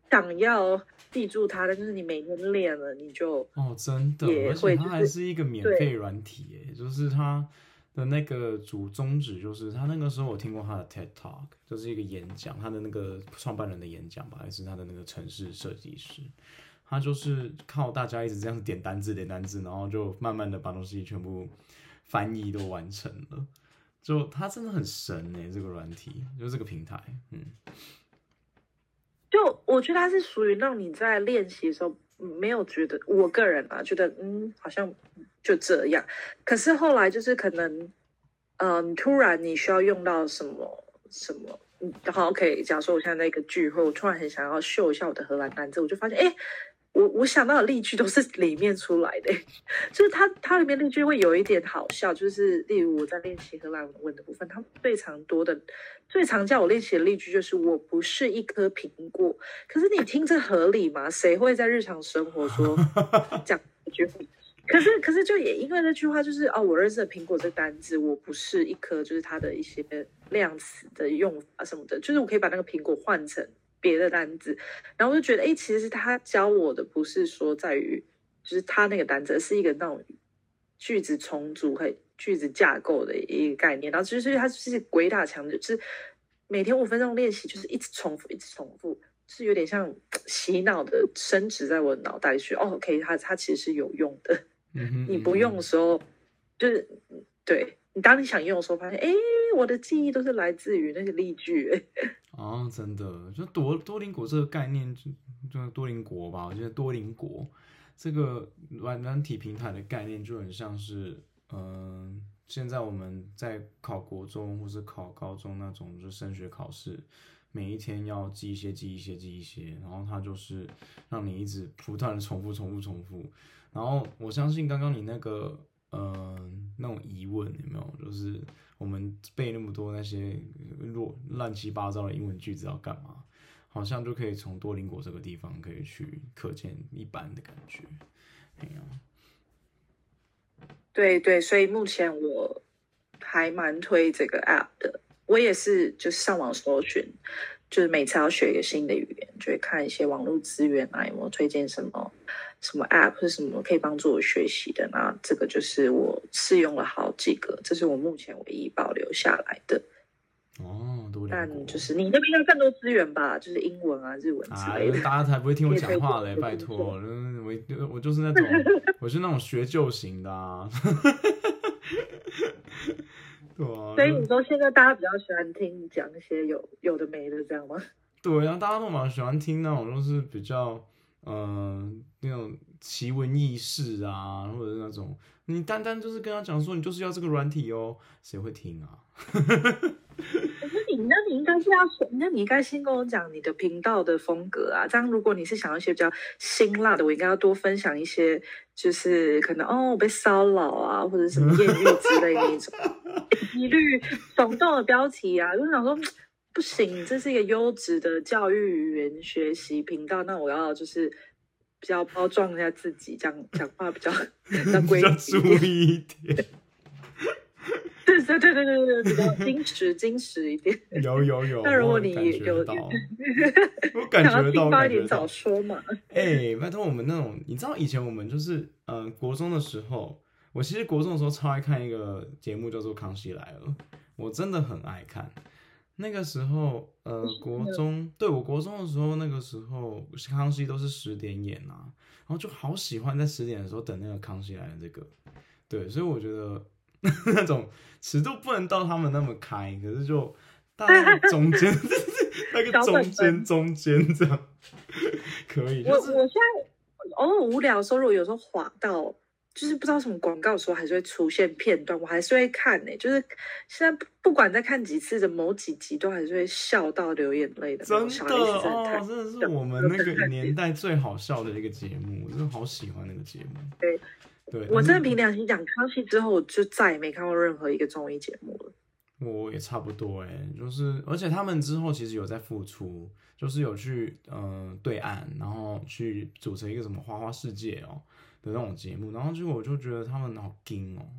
想要記住它，但是你每天練了，你就、就是、哦，真的。而且它還是一個免費軟體，也對就是它。的那個主宗旨就是，他那個時候我聽過他的 TED Talk，就是一個演講，他的那個創辦人的演講吧，還是他的那個程式設計師，他就是靠大家一直這樣點單字，點單字，然後就慢慢的把東西全部翻譯都完成了，就他真的很神呢、欸，這個軟體，就是這個平台，嗯，就我覺得他是屬於讓你在練習的時候。沒有覺得，我個人啊，覺得嗯，好像就這樣。可是後來就是可能，嗯、呃，突然你需要用到什麼什麼，嗯，好，OK，假如說我現在那個聚會，我突然很想要秀一下我的荷蘭單子，我就發現，哎。我我想到的例句都是裡面出來的，就是它它裡面例句會有一點好笑，就是例如我在練習荷蘭文的部分，它們非常多的，最常叫我練習的例句就是我不是一顆蘋果，可是你聽着合理嗎？誰會在日常生活說講？句 <laughs> 可是可是就也因為那句話就是哦，我認識的蘋果這單字，我不是一顆就是它的一些量詞的用法什麼的，就是我可以把那個蘋果換成，別的單字，然後我就覺得，哎、欸，其實他教我的不是說在於，就是他那個單字，而是一個那種句子重組和句子架構的一個概念，然後就是他就是鬼打牆，就是每天五分鐘練習，就是一直重複，一直重複，就是有點像洗腦的深植，在我腦袋裡去。哦，OK，他他其實是有用的，嗯，你不用的時候，就是對。你當你想用的時候，發現，哎、欸，我的記憶都是來自於那些例句，欸，哦、啊，真的，就多多鄰國這個概念，就就多鄰國吧，我覺得多鄰國這個軟軟體平台的概念就很像是，嗯、呃，現在我們在考國中或是考高中那種，就升學考試，每一天要記一些，記一些，記一些，記一些，然後它就是讓你一直不斷的重複，重複，重複，重複，然後我相信剛剛你那個。嗯、呃，那種疑問有沒有？就是我們背那麼多那些亂七八糟的英文句子要幹嘛？好像就可以從多鄰國這個地方可以去可見一般的感覺。有沒有？對對，所以目前我還蠻推這個 app 的。我也是，就是上網搜尋，就是每次要學一個新的語言，就會看一些網絡資源啊，有推薦什麼。什麼 app 是什麼可以幫助我學習的？那這個就是我試用了好幾個，這是我目前唯一保留下來的。哦，多但就是你那邊要更多資源吧，就是英文啊、日文啊，哎、大家才不會聽我講話嘞，拜託。我，我就是那種， <laughs> 我是那種學究型的啊。 <laughs> 對啊，所以你說現在大家比較喜歡聽講一些有有的沒的這樣嗎？對啊，大家都蠻喜歡聽那種就是比較。嗯、呃，那種奇聞異事啊，或者是那種你單單就是跟他講說你就是要這個軟體哦，誰會聽啊？那你呢？你應該是要那你應該先跟我講你的頻道的風格啊。這樣，如果你是想要一些比較辛辣的，我應該要多分享一些，就是可能哦被騷擾啊，或者什麼豔遇之類的那種，一律聳動的標題啊，就是想說。不行，這是一個優質的教育語言學習頻道。那我要就是比較包裝一下自己，講講話比較比較規矩一點。一點對對對對對對，比較矜持矜持一點。有有有。 <laughs> 那如果你也有，我感覺得到，你早說嘛。哎、欸，拜託我們那種，你知道以前我們就是呃國中的時候，我其實國中的時候超愛看一個節目叫做《康熙來了》，我真的很愛看。那個時候，呃，國中對，我國中的時候，那個時候康熙都是十點演吶、啊，然後就好喜歡在十點的時候等那個康熙來的這個，對，所以我覺得那種尺度不能到他們那麼開，可是就大概中間那個中間 <laughs> <laughs> 中間這樣，可以、就是。我我現在偶爾無聊的時候，如果有時候滑到。就是不知道什麼廣告的時候還是會出現片段，我還是會看呢、欸。就是現在不管再看幾次的某幾集都還是會笑到流眼淚的。真的種小在哦，真的是我們那個年代最好笑的一個節目， <laughs> 我真的好喜歡那個節目。對對，對我真的憑良心講，康熙之後我就再也沒看過任何一個綜藝節目了。我也差不多哎、欸，就是而且他們之後其實有在復出，就是有去嗯、呃、對岸，然後去組成一個什麼花花世界哦、喔。的那種節目，然後就我就覺得他們好 gay 哦、喔，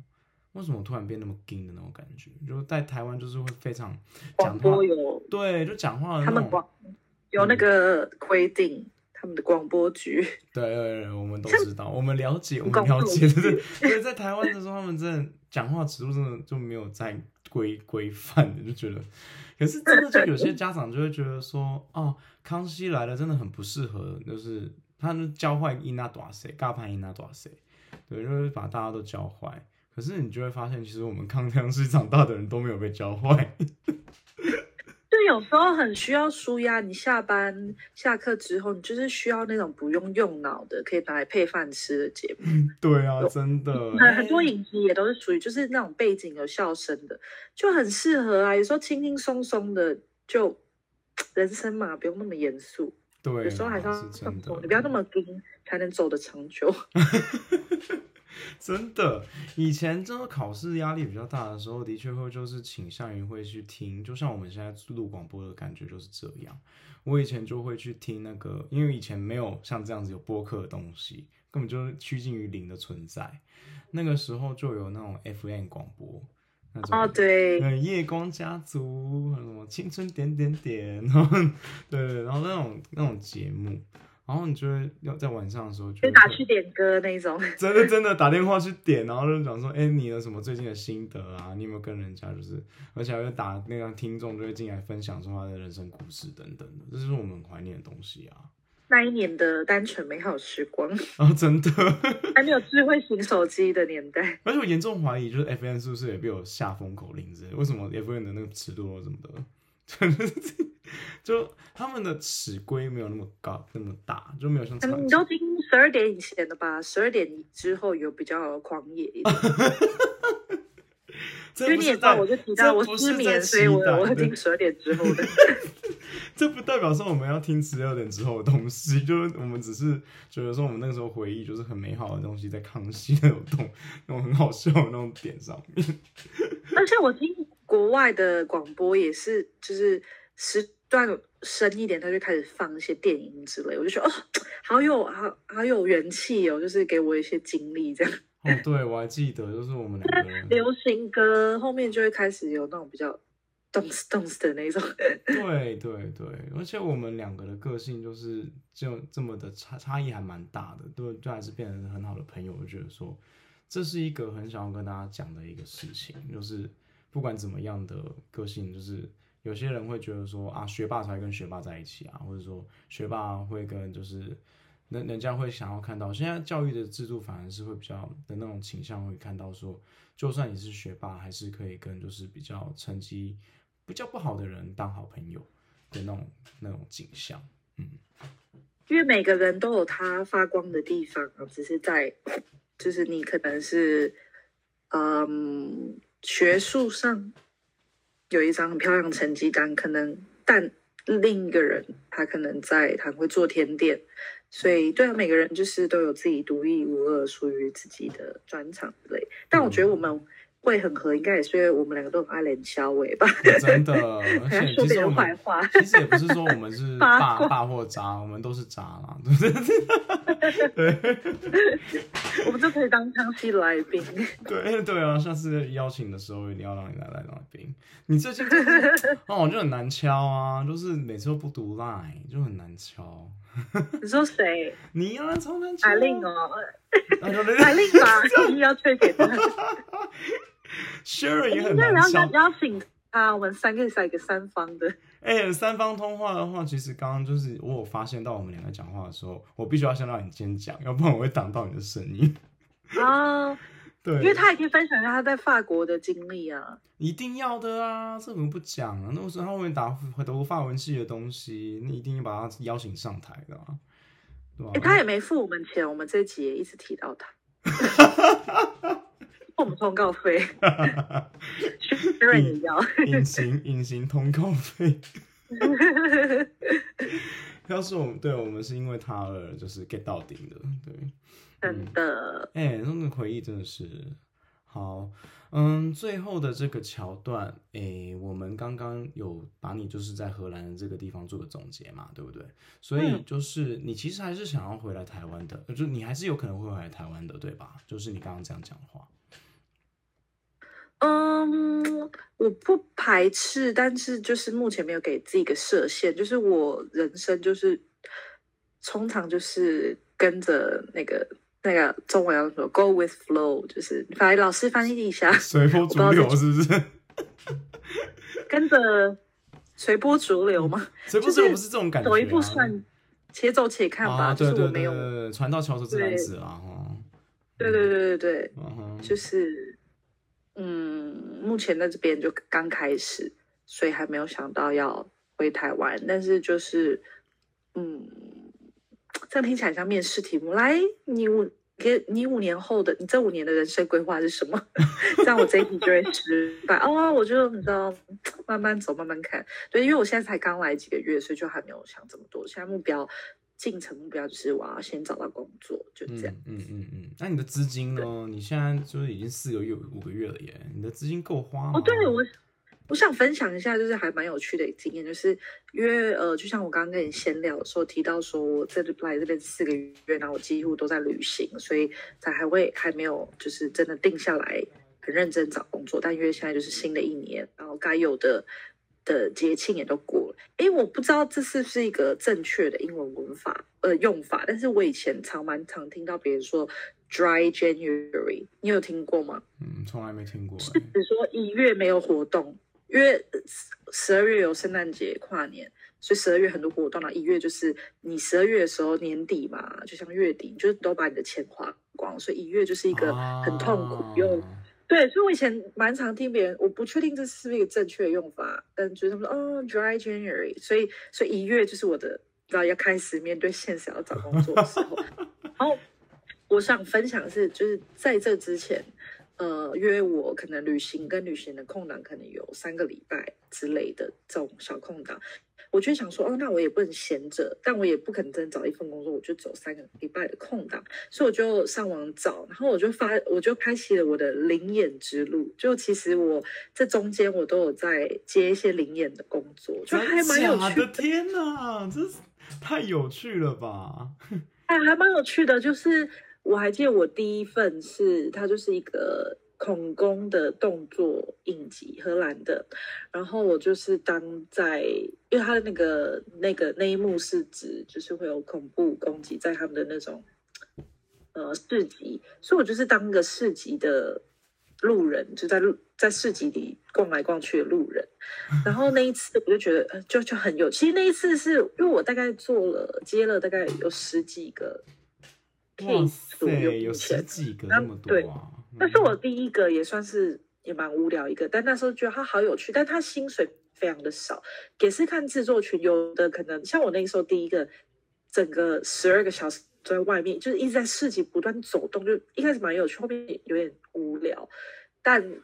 為什麼突然變那麼 gay 的那種感覺？就在台灣就是會非常講話有對，就講話他們廣有那個規定，嗯、他們的廣播局。對，對，對我們都知道，們，我們了解，我們了解， <laughs> 對在台灣的時候，他們真的講話的尺度真的就沒有在規規範，的，就覺得。可是真的就有些家長就會覺得說，哦、啊，康熙來了真的很不適合，就是。他教壞伊拿多誰，教壞伊拿多誰，對，就是把大家都教壞。可是你就會發現，其實我們康江市長大的人都沒有被教壞。 <laughs> 就有時候很需要舒壓，你下班下課之後，你就是需要那種不用用腦的，可以拿來配飯吃的節目。 <laughs> 對啊，真的。很很多影集也都是屬於就是那種背景有笑聲的，就很適合啊。有時候輕輕鬆鬆的就人生嘛，不用那麼嚴肅。對，有時候還是要放鬆，你不要那麼拼，才能走得長久。真的，以前就是考試壓力比較大的時候，的確會就是傾向於會去聽，就像我們現在錄廣播的感覺就是這樣。我以前就會去聽那個，因為以前沒有像這樣子有播客的東西，根本就是趨近於零的存在。那個時候就有那種 FM 廣播。那種哦，對，那夜光家族，什麼青春點點點，然後對、對、對，然後那種那種節目，然後你就會要在晚上的時候就打去點歌那種，真的真的打電話去點，然後就講說，哎、欸，你有什麼最近的心得啊？你有沒有跟人家就是，而且還會打那個聽眾就會進來分享說他的人生故事等等的，這是我們很懷念的東西啊。那一年的單純美好時光啊、哦，真的 <laughs> 還沒有智慧型手機的年代。而且我嚴重懷疑，就是 FN 是不是也被我下封口令之類的？為什麼 FN 的那個尺度什麼的，就，就，就，就他們的尺規沒有那麼高那麼大，就沒有像、嗯。你都聽十二點以前的吧，十二點之後有比較狂野一點。 <laughs> 因為你也知道，我就提到，我失眠，所以我。對我聽十二點之後的。 <laughs> 這不代表說我們要聽十二點之後的東西，就是我們只是覺得說我們那個時候回憶就是很美好的東西，在康熙那種那種，那種很好笑的那種點上面。那像我聽國外的廣播也是，就是時段深一點，他就開始放一些電影之類，我就說哦，好有好好有元氣哦，就是給我一些精力這樣。哦，oh, 對，我還記得，就是我們兩個人流行歌後面就會開始有那種比較動次動次的那種。 <laughs> 對對對，而且我們兩個的個性就是就這麼的差差異還蠻大的，都都還是變成很好的朋友。我覺得說這是一個很想要跟大家講的一個事情，就是不管怎麼樣的個性，就是有些人會覺得說啊，學霸才會跟學霸在一起啊，或者說學霸會跟就是。人人家會想要看到，現在教育的制度反而是會比較的那種傾向，會看到說，就算你是學霸，還是可以跟就是比較成績比較不好的人當好朋友的那種那種景象。嗯，因為每個人都有他發光的地方，只是在就是你可能是嗯學術上有一張很漂亮成績單，可能但另一個人他可能在他會做甜點。所以，對，每個人就是都有自己獨一無二、屬於自己的專長之類。但我覺得我們會很合，應該也是因為我們兩個都有阿冷敲尾吧。欸、真的，而且其實壞 <laughs> 話其實也不是說我們是八卦或渣，話我們都是渣啦，對不 <laughs> 對？ <laughs> <laughs> 我們就可以當康熙來賓。 <laughs> 對對啊，下次邀請的時候一定要讓你來來來賓。你這最近，就是， <laughs> 哦，就很難敲啊，就是每次都不讀 line，就很難敲。你說誰？你要阿玲哦，阿玲嗎？你要退錢嗎？Sherry，因為你要邀邀請他，我們三個是一個三方的。哎、 <laughs> 欸，三方通話的話，其實剛剛就是我有發現到我們兩個講話的時候，我必須要先讓你先講，要不然我會擋到你的聲音好。 <laughs> 啊對，因為他也可以分享一下他在法國的經歷啊，一定要的啊，這怎麼不講啊？那我說他後面打很多法文系的東西，你一定要把他邀請上台的，啊，是吧，啊？哎，欸，他也沒付我們錢，我們這一集也一直提到他，我 <laughs> 通告費，徐瑞也要，隱形隱形通告費， <laughs> <laughs> 要是我們，對，我們是因為他而就是 get 到頂的，對。真的，哎、嗯嗯欸，那種、個、回憶真的是好，嗯，最後的這個橋段，哎、欸，我們剛剛有把你就是在荷蘭這個地方做個總結嘛，對不對？所以就是、嗯、你其實還是想要回來台灣的，就你還是有可能會回來台灣的，對吧？就是你剛剛這樣講話。嗯，我不排斥，但是就是目前沒有給自己個設限，就是我人生就是通常就是跟着那個。那個中文要說 “go with flow”，就是你反正老師翻譯一下，隨波逐流是不是？不是不是 <laughs> 跟着隨波逐流嗎、嗯？隨波逐流不是這種感覺、啊。走一步算，且走且看吧。啊、對對，對，對就是我沒有船到橋頭自然直啊！哈對、嗯，對對對對對，就是嗯，目前在這邊就剛開始，所以還沒有想到要回台灣，但是就是嗯。這樣聽起來像面試題目。來，你五給你五年後的你這五年的人生規劃是什麼？ <laughs> 這樣我這一題就會失敗哦。 <laughs> oh, 我就得你知道，慢慢走，慢慢看。對，因為我現在才剛來幾個月，所以就還沒有想這麼多。現在目標、近程目標就是我要先找到工作，就是、這樣。嗯嗯嗯，嗯。那你的資金呢、哦？對你現在就是已經四個月、五個月了耶，你的資金夠花嗎？哦，對，我。我想分享一下，就是還蠻有趣的一個經驗，就是因為呃，就像我剛剛跟你閒聊的時候提到，說我這來這邊四個月，然後我幾乎都在旅行，所以才還會還沒有就是真的定下來，很認真找工作。但因為現在就是新的一年，然後該有的的節慶也都過了。哎、欸，我不知道這是不是一個正確的英文文法呃用法，但是我以前常蠻常聽到別人說 Dry January，你有聽過嗎？嗯，從來沒聽過、欸，是指說一月沒有活動。因為十二月有聖誕節、跨年，所以十二月很多活動了。一月就是你十二月的時候年底嘛，就像月底，就是都把你的錢花光，所以一月就是一個很痛苦又、oh. 對。所以我以前蠻常聽別人，我不確定這是不是一個正確的用法，但就是他們說哦、oh,，dry January，所以所以一月就是我的要要開始面對現實，要找工作的時候。然後 <laughs> 我想分享的是，就是在這之前。呃，約我可能旅行跟旅行的空檔，可能有三個禮拜之類的這種小空檔，我就想說，哦，那我也不能閒着，但我也不可能真的找一份工作，我就走三個禮拜的空檔，所以我就上網找，然後我就發，我就開啟了我的臨演之路。就其實我這中間我都有在接一些臨演的工作，就還蠻有趣的。我的天哪，啊，這是太有趣了吧？哎， <laughs> 還蠻有趣的，就是。我還記得我第一份是，他就是一個恐攻的動作影集，荷蘭的。然後我就是當在，因為他的那個那個那一幕是指就是會有恐怖攻擊在他們的那種呃市集，所以我就是當個市集的路人，就在在市集裡逛來逛去的路人。然後那一次我就覺得就就很有，其實那一次是，因為我大概做了，接了大概有十幾個。哇塞，oh、say, 有十幾個那麼多啊！嗯、對，但是我第一個也算是也蠻無聊一個，但那時候覺得他好有趣，但他薪水非常的少，也是看製作群有的可能，像我那個時候第一個，整個十二個小時在外面，就是一直在市集不斷走動，就一開始蠻有趣，後面有點無聊，但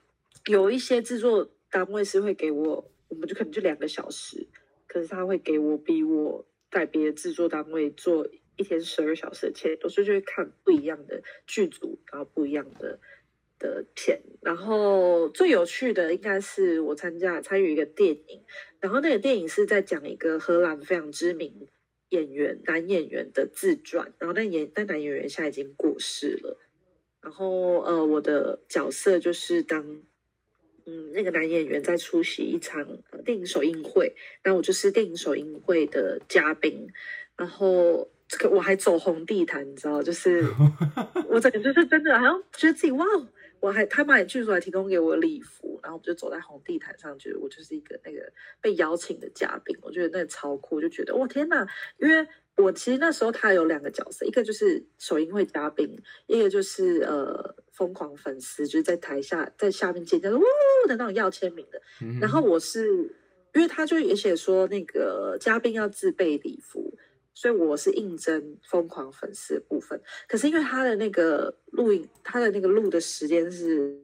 有一些製作單位是會給我，我們就可能就兩個小時，可是他會給我比我在別的製作單位做。一天十二小時前，其實都是去看不一樣的劇組，然後不一樣的的片。然後最有趣的應該是我參加參與一個電影，然後那個電影是在講一個荷蘭非常知名演員男演員的自傳。然後那演那男演員現在已經過世了。然後呃，我的角色就是當嗯那個男演員在出席一場電影首映會，那我就是電影首映會的嘉賓。然後。這個我還走紅地毯，你知道，就是我感覺是真的，好像覺得自己哇！我還他買劇組還提供給我禮服，然後我就走在紅地毯上，覺得我就是一個那個被邀請的嘉賓，我覺得那超酷，我就覺得哇天哪！因為我其實那時候他有兩個角色，一個就是首映會嘉賓，一個就是呃瘋狂粉絲，就是在台下在下面尖叫說嗚的那種要簽名的。嗯、哼然後我是因為他就也寫說那個嘉賓要自備禮服。所以我是應徵瘋狂粉絲的部分，可是因為他的那個錄影，他的那個錄的時間是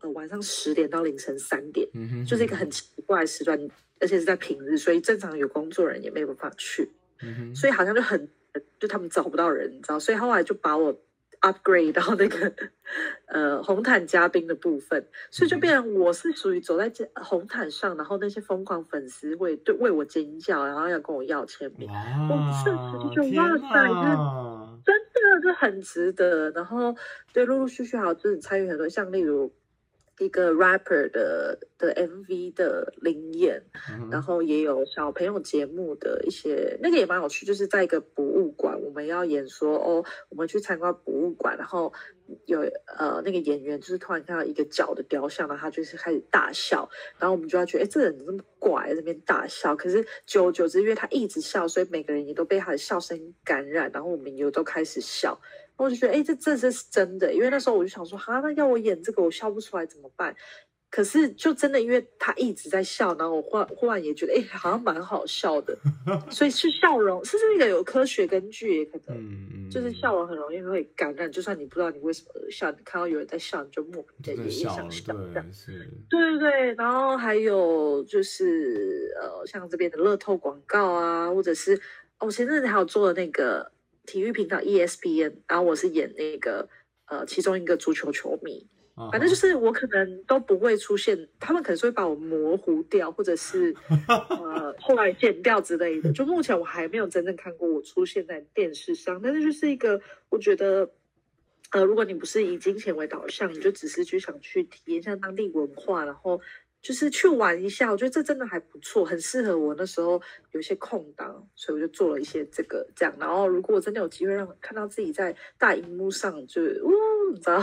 呃晚上十點到凌晨三點，mm hmm. 就是一個很奇怪的時段，而且是在平日，所以正常有工作人也沒有辦法去，mm hmm. 所以好像就很就他們找不到人，你知道，所以後來就把我。upgrade 到那個呃紅毯嘉賓的部分，所以就變成我是屬於走在紅毯上，然後那些瘋狂粉絲會對為我尖叫，然後要跟我要簽名。我哇，哇塞，真的是很值得。然後對，陸陸續續還有就是參與很多，像例如。一個 rapper 的的 MV 的臨演，嗯、然後也有小朋友節目的一些，那個也蠻有趣，就是在一個博物館，我們要演說哦，我們去參觀博物館，然後有呃那個演員就是突然看到一個腳的雕像，然後他就是開始大笑，然後我們就要覺得哎，這人怎麼這麼怪、啊，在這邊大笑，可是久久之，因為他一直笑，所以每個人也都被他的笑聲感染，然後我們也都開始笑。我就覺得，哎、欸，這這這是真的，因為那時候我就想說，哈，那要我演這個，我笑不出來怎麼辦？可是就真的，因為他一直在笑，然後我忽然忽然也覺得，哎、欸，好像蠻好笑的，所以是笑容，是是那個有科學根據，可能 <laughs> 就是笑容很容易會感染，嗯、就算你不知道你為什麼笑，你看到有人在笑，你就莫名的也，也想笑，這樣笑。對對對，然後還有就是呃、哦，像這邊的樂透廣告啊，或者是哦，我前陣子還有做的那個。體育頻道 ESPN，然後我是演那個呃，其中一個足球球迷，反正就是我可能都不會出現，他們可能是會把我模糊掉，或者是呃，後來剪掉之類的。就目前我還沒有真正看過我出現在電視上，但是就是一個我覺得，呃，如果你不是以金錢為導向，你就只是去想去體驗一下當地文化，然後。就是去玩一下，我覺得這真的還不錯，很適合我那時候有些空檔，所以我就做了一些這個這樣。然後如果我真的有機會讓我看到自己在大熒幕上，就嗚、哦，你知道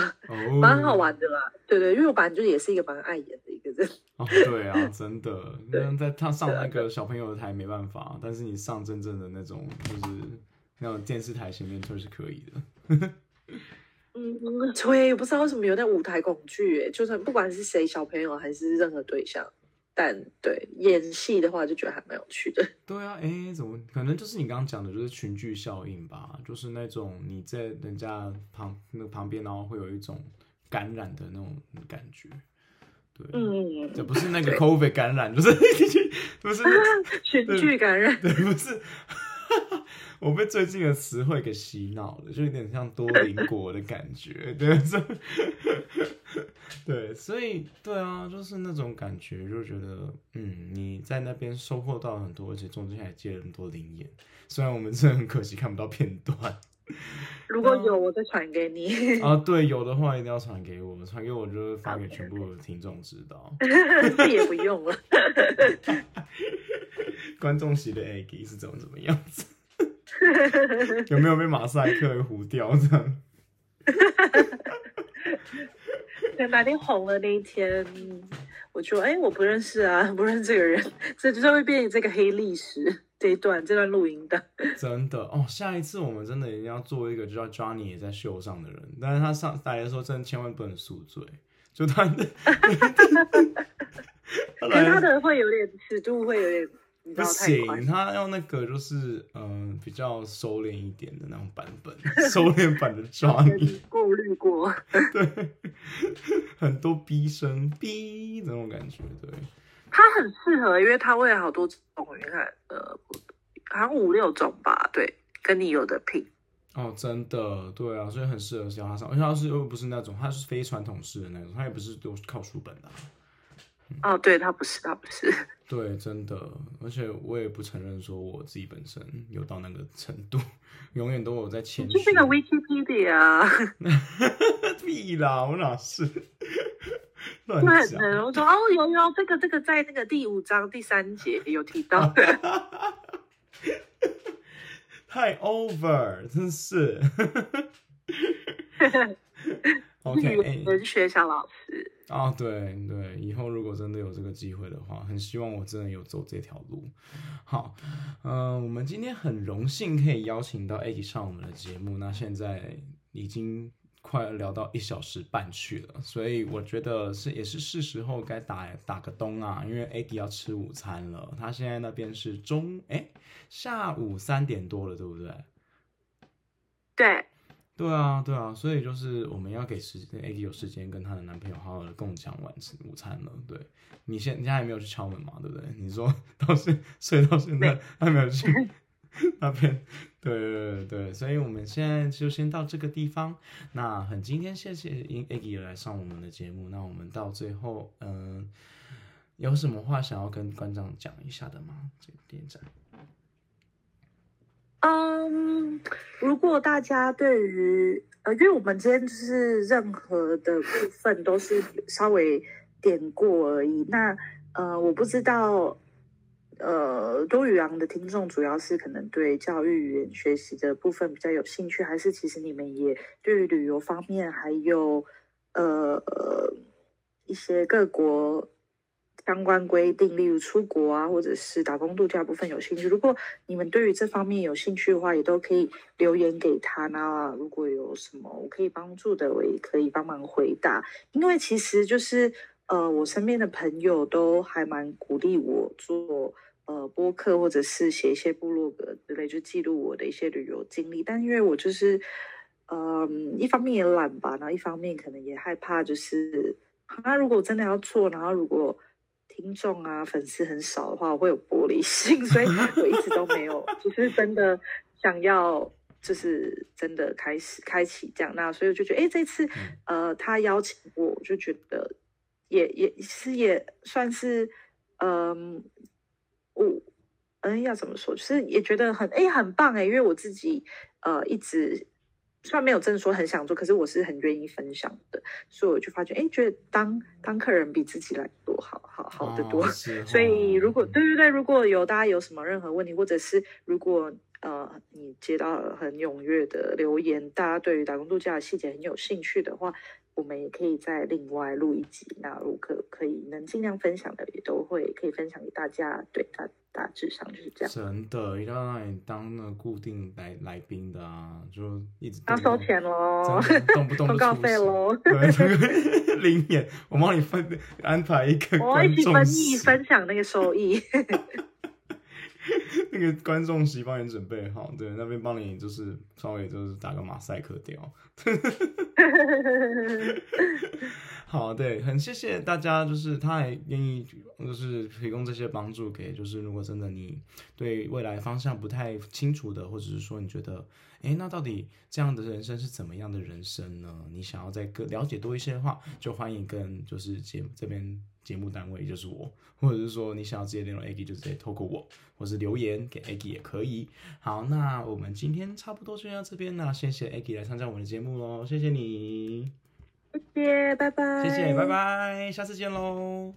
蠻好玩的啦，哦、對，對對，因為我本來就也是一個蠻愛演的一個人。哦、對啊，真的， <laughs> 對那在他上那個小朋友的台沒辦法，但是你上真正的那種，就是那種電視台前面就是可以的。 <laughs> 對，嗯、我不知道為什麼有那舞台恐懼，哎，就算、是、不管是誰，小朋友還是任何對象，但對演戲的話，就覺得還蠻有趣的。對啊，哎、欸，怎麼可能？就是你剛剛講的，就是群聚效應吧？就是那種你在人家旁那旁邊，然後會有一種感染的那種感覺。對，嗯，這不是那個 COVID 感染，就是對 <laughs> 不是、啊、群聚感染，對對不是。 <laughs> 我被最近的詞彙給洗腦了，就有點像多鄰國的感覺，對， <laughs> 對，所以對啊，就是那種感覺，就覺得，嗯，你在那邊收穫到很多，而且中間還接了很多靈眼，雖然我們真的很可惜看不到片段。 <laughs> 如果有，我再傳給你。啊，uh, uh, 對，有的話一定要傳給我，傳給我就是發給全部的聽眾知道。Okay, okay. <laughs> 這也不用了， <laughs> <laughs> 觀眾席的 Eggie 是怎麼怎麼樣子？ <laughs> 有沒有被馬賽克糊掉？這樣？等 <laughs> 那天紅了那一天，我就哎、欸，我不認識啊，不認識這個人，所以就會變成這個黑歷史。這一段，這段錄音真的，真的哦，下一次我們真的一定要做一個叫 Johnny 也在秀上的人，但是他上來的時候真的千萬不能宿醉。就他的，哈哈哈哈哈。他的會有點尺度，會有點，不行，他用那個就是，嗯、呃，比較收斂一點的那種版本，收斂版的 Johnny，過濾 <laughs> 過，對，很多逼聲逼這種感覺，對。他很適合，因為他會有好多種，原來，呃，好像五六種吧，對，跟你有的拼哦，真的，對啊，所以很適合教他上，而且他是又不是那種，他是非傳統式的那種，他也不是都是靠書本的啊。哦，對，他不是，他不是。對，真的，而且我也不承認說我自己本身有到那個程度，永遠都有在謙虛。就是那個 VTP 的呀？屁 <laughs> 啦，我哪是。對，我說哦，有有，這個這個在那個第五章第三節有提到 <laughs> 太 over，真是。 <laughs> OK，文學小老師哦，對對，以後如果真的有這個機會的話，很希望我真的有走這條路。好，嗯、呃，我們今天很榮幸可以邀請到 Eggie 上我們的節目，那現在已經。快要聊到一小時半去了，所以我覺得是也是是時候該打打個咚啊，因為 Eggie 要吃午餐了。他現在那邊是中哎，下午三點多了，對不對？對，對啊，對啊，所以就是我們要給時 Eggie 有時間跟她的男朋友好好的共進晚餐，午餐了。對，你現你還沒有去敲門嘛，對不對？你說到現睡到現在還沒有去。對 <laughs> <laughs> 那邊，對對對，對所以我們現在就先到這個地方。那很今天謝謝 Eggie 來上我們的節目。那我們到最後，嗯、呃，有什麼話想要跟館長講一下的嗎？這個店長？嗯，um, 如果大家對於呃，因為我們今天就是任何的部分都是稍微點過而已。那呃，我不知道。呃，多語昂的聽眾主要是可能對教育語言學習的部分比較有興趣，還是其實你們也對於旅遊方面還有呃，呃一些各國相關規定，例如出國啊，或者是打工度假部分有興趣？如果你們對於這方面有興趣的話，也都可以留言給他呢。那如果有什麼我可以幫助的，我也可以幫忙回答。因為其實就是呃，我身邊的朋友都還蠻鼓勵我做。呃，播客，或者是寫一些部落格之類，就記錄我的一些旅遊經歷。但因為我就是，嗯、呃，一方面也懶吧，然後一方面可能也害怕，就是那、啊、如果真的要做，然後如果聽眾啊粉絲很少的話，我會有玻璃心，所以我一直都沒有， <laughs> 就是真的想要，就是真的開始開啟這樣。那所以我就覺得，哎、欸，這次呃他邀請我，我就覺得也也其實也算是，嗯、呃。嗯，要、哦哎、怎麼說？就是也覺得很哎，很棒哎，因為我自己呃，一直雖然沒有真的說很想做，可是我是很願意分享的，所以我就發覺哎，覺得當當客人比自己來做好好好的多。多哦哦、所以如果對對對，如果有大家有什麼任何問題，或者是如果呃你接到很踴躍的留言，大家對於打工度假的細節很有興趣的話，我們也可以再另外錄一集，那如果可以，能儘量分享的也都會可以分享給大家。對，大大致上就是這樣。真的，一定要讓你當那固定來來賓的啊，就一直要、啊、收錢嘍，動不動的通 <laughs> 告費嘍。明 <laughs> 年 <laughs> 我幫你分安排一個，我要一起分分享那個收益。 <laughs> <laughs> 那個觀眾席幫你準備好，對，那邊幫你就是稍微就是打個馬賽克掉。 <laughs> 好，對，很謝謝大家，就是他還願意就是提供這些幫助給，就是如果真的你對未來方向不太清楚的，或者是說你覺得，誒、欸、那到底這樣的人生是怎麼樣的人生呢？你想要再更了解多一些的話，就歡迎跟就是節目這邊。節目單位就是我，或者是說你想要直接聯絡 Eggie 就直接透過我，或是留言給 Eggie 也可以。好，那我們今天差不多就到這邊啦，謝謝 Eggie 來參加我們的節目嘍，謝謝你，謝謝，拜拜，謝謝，拜拜，下次見嘍。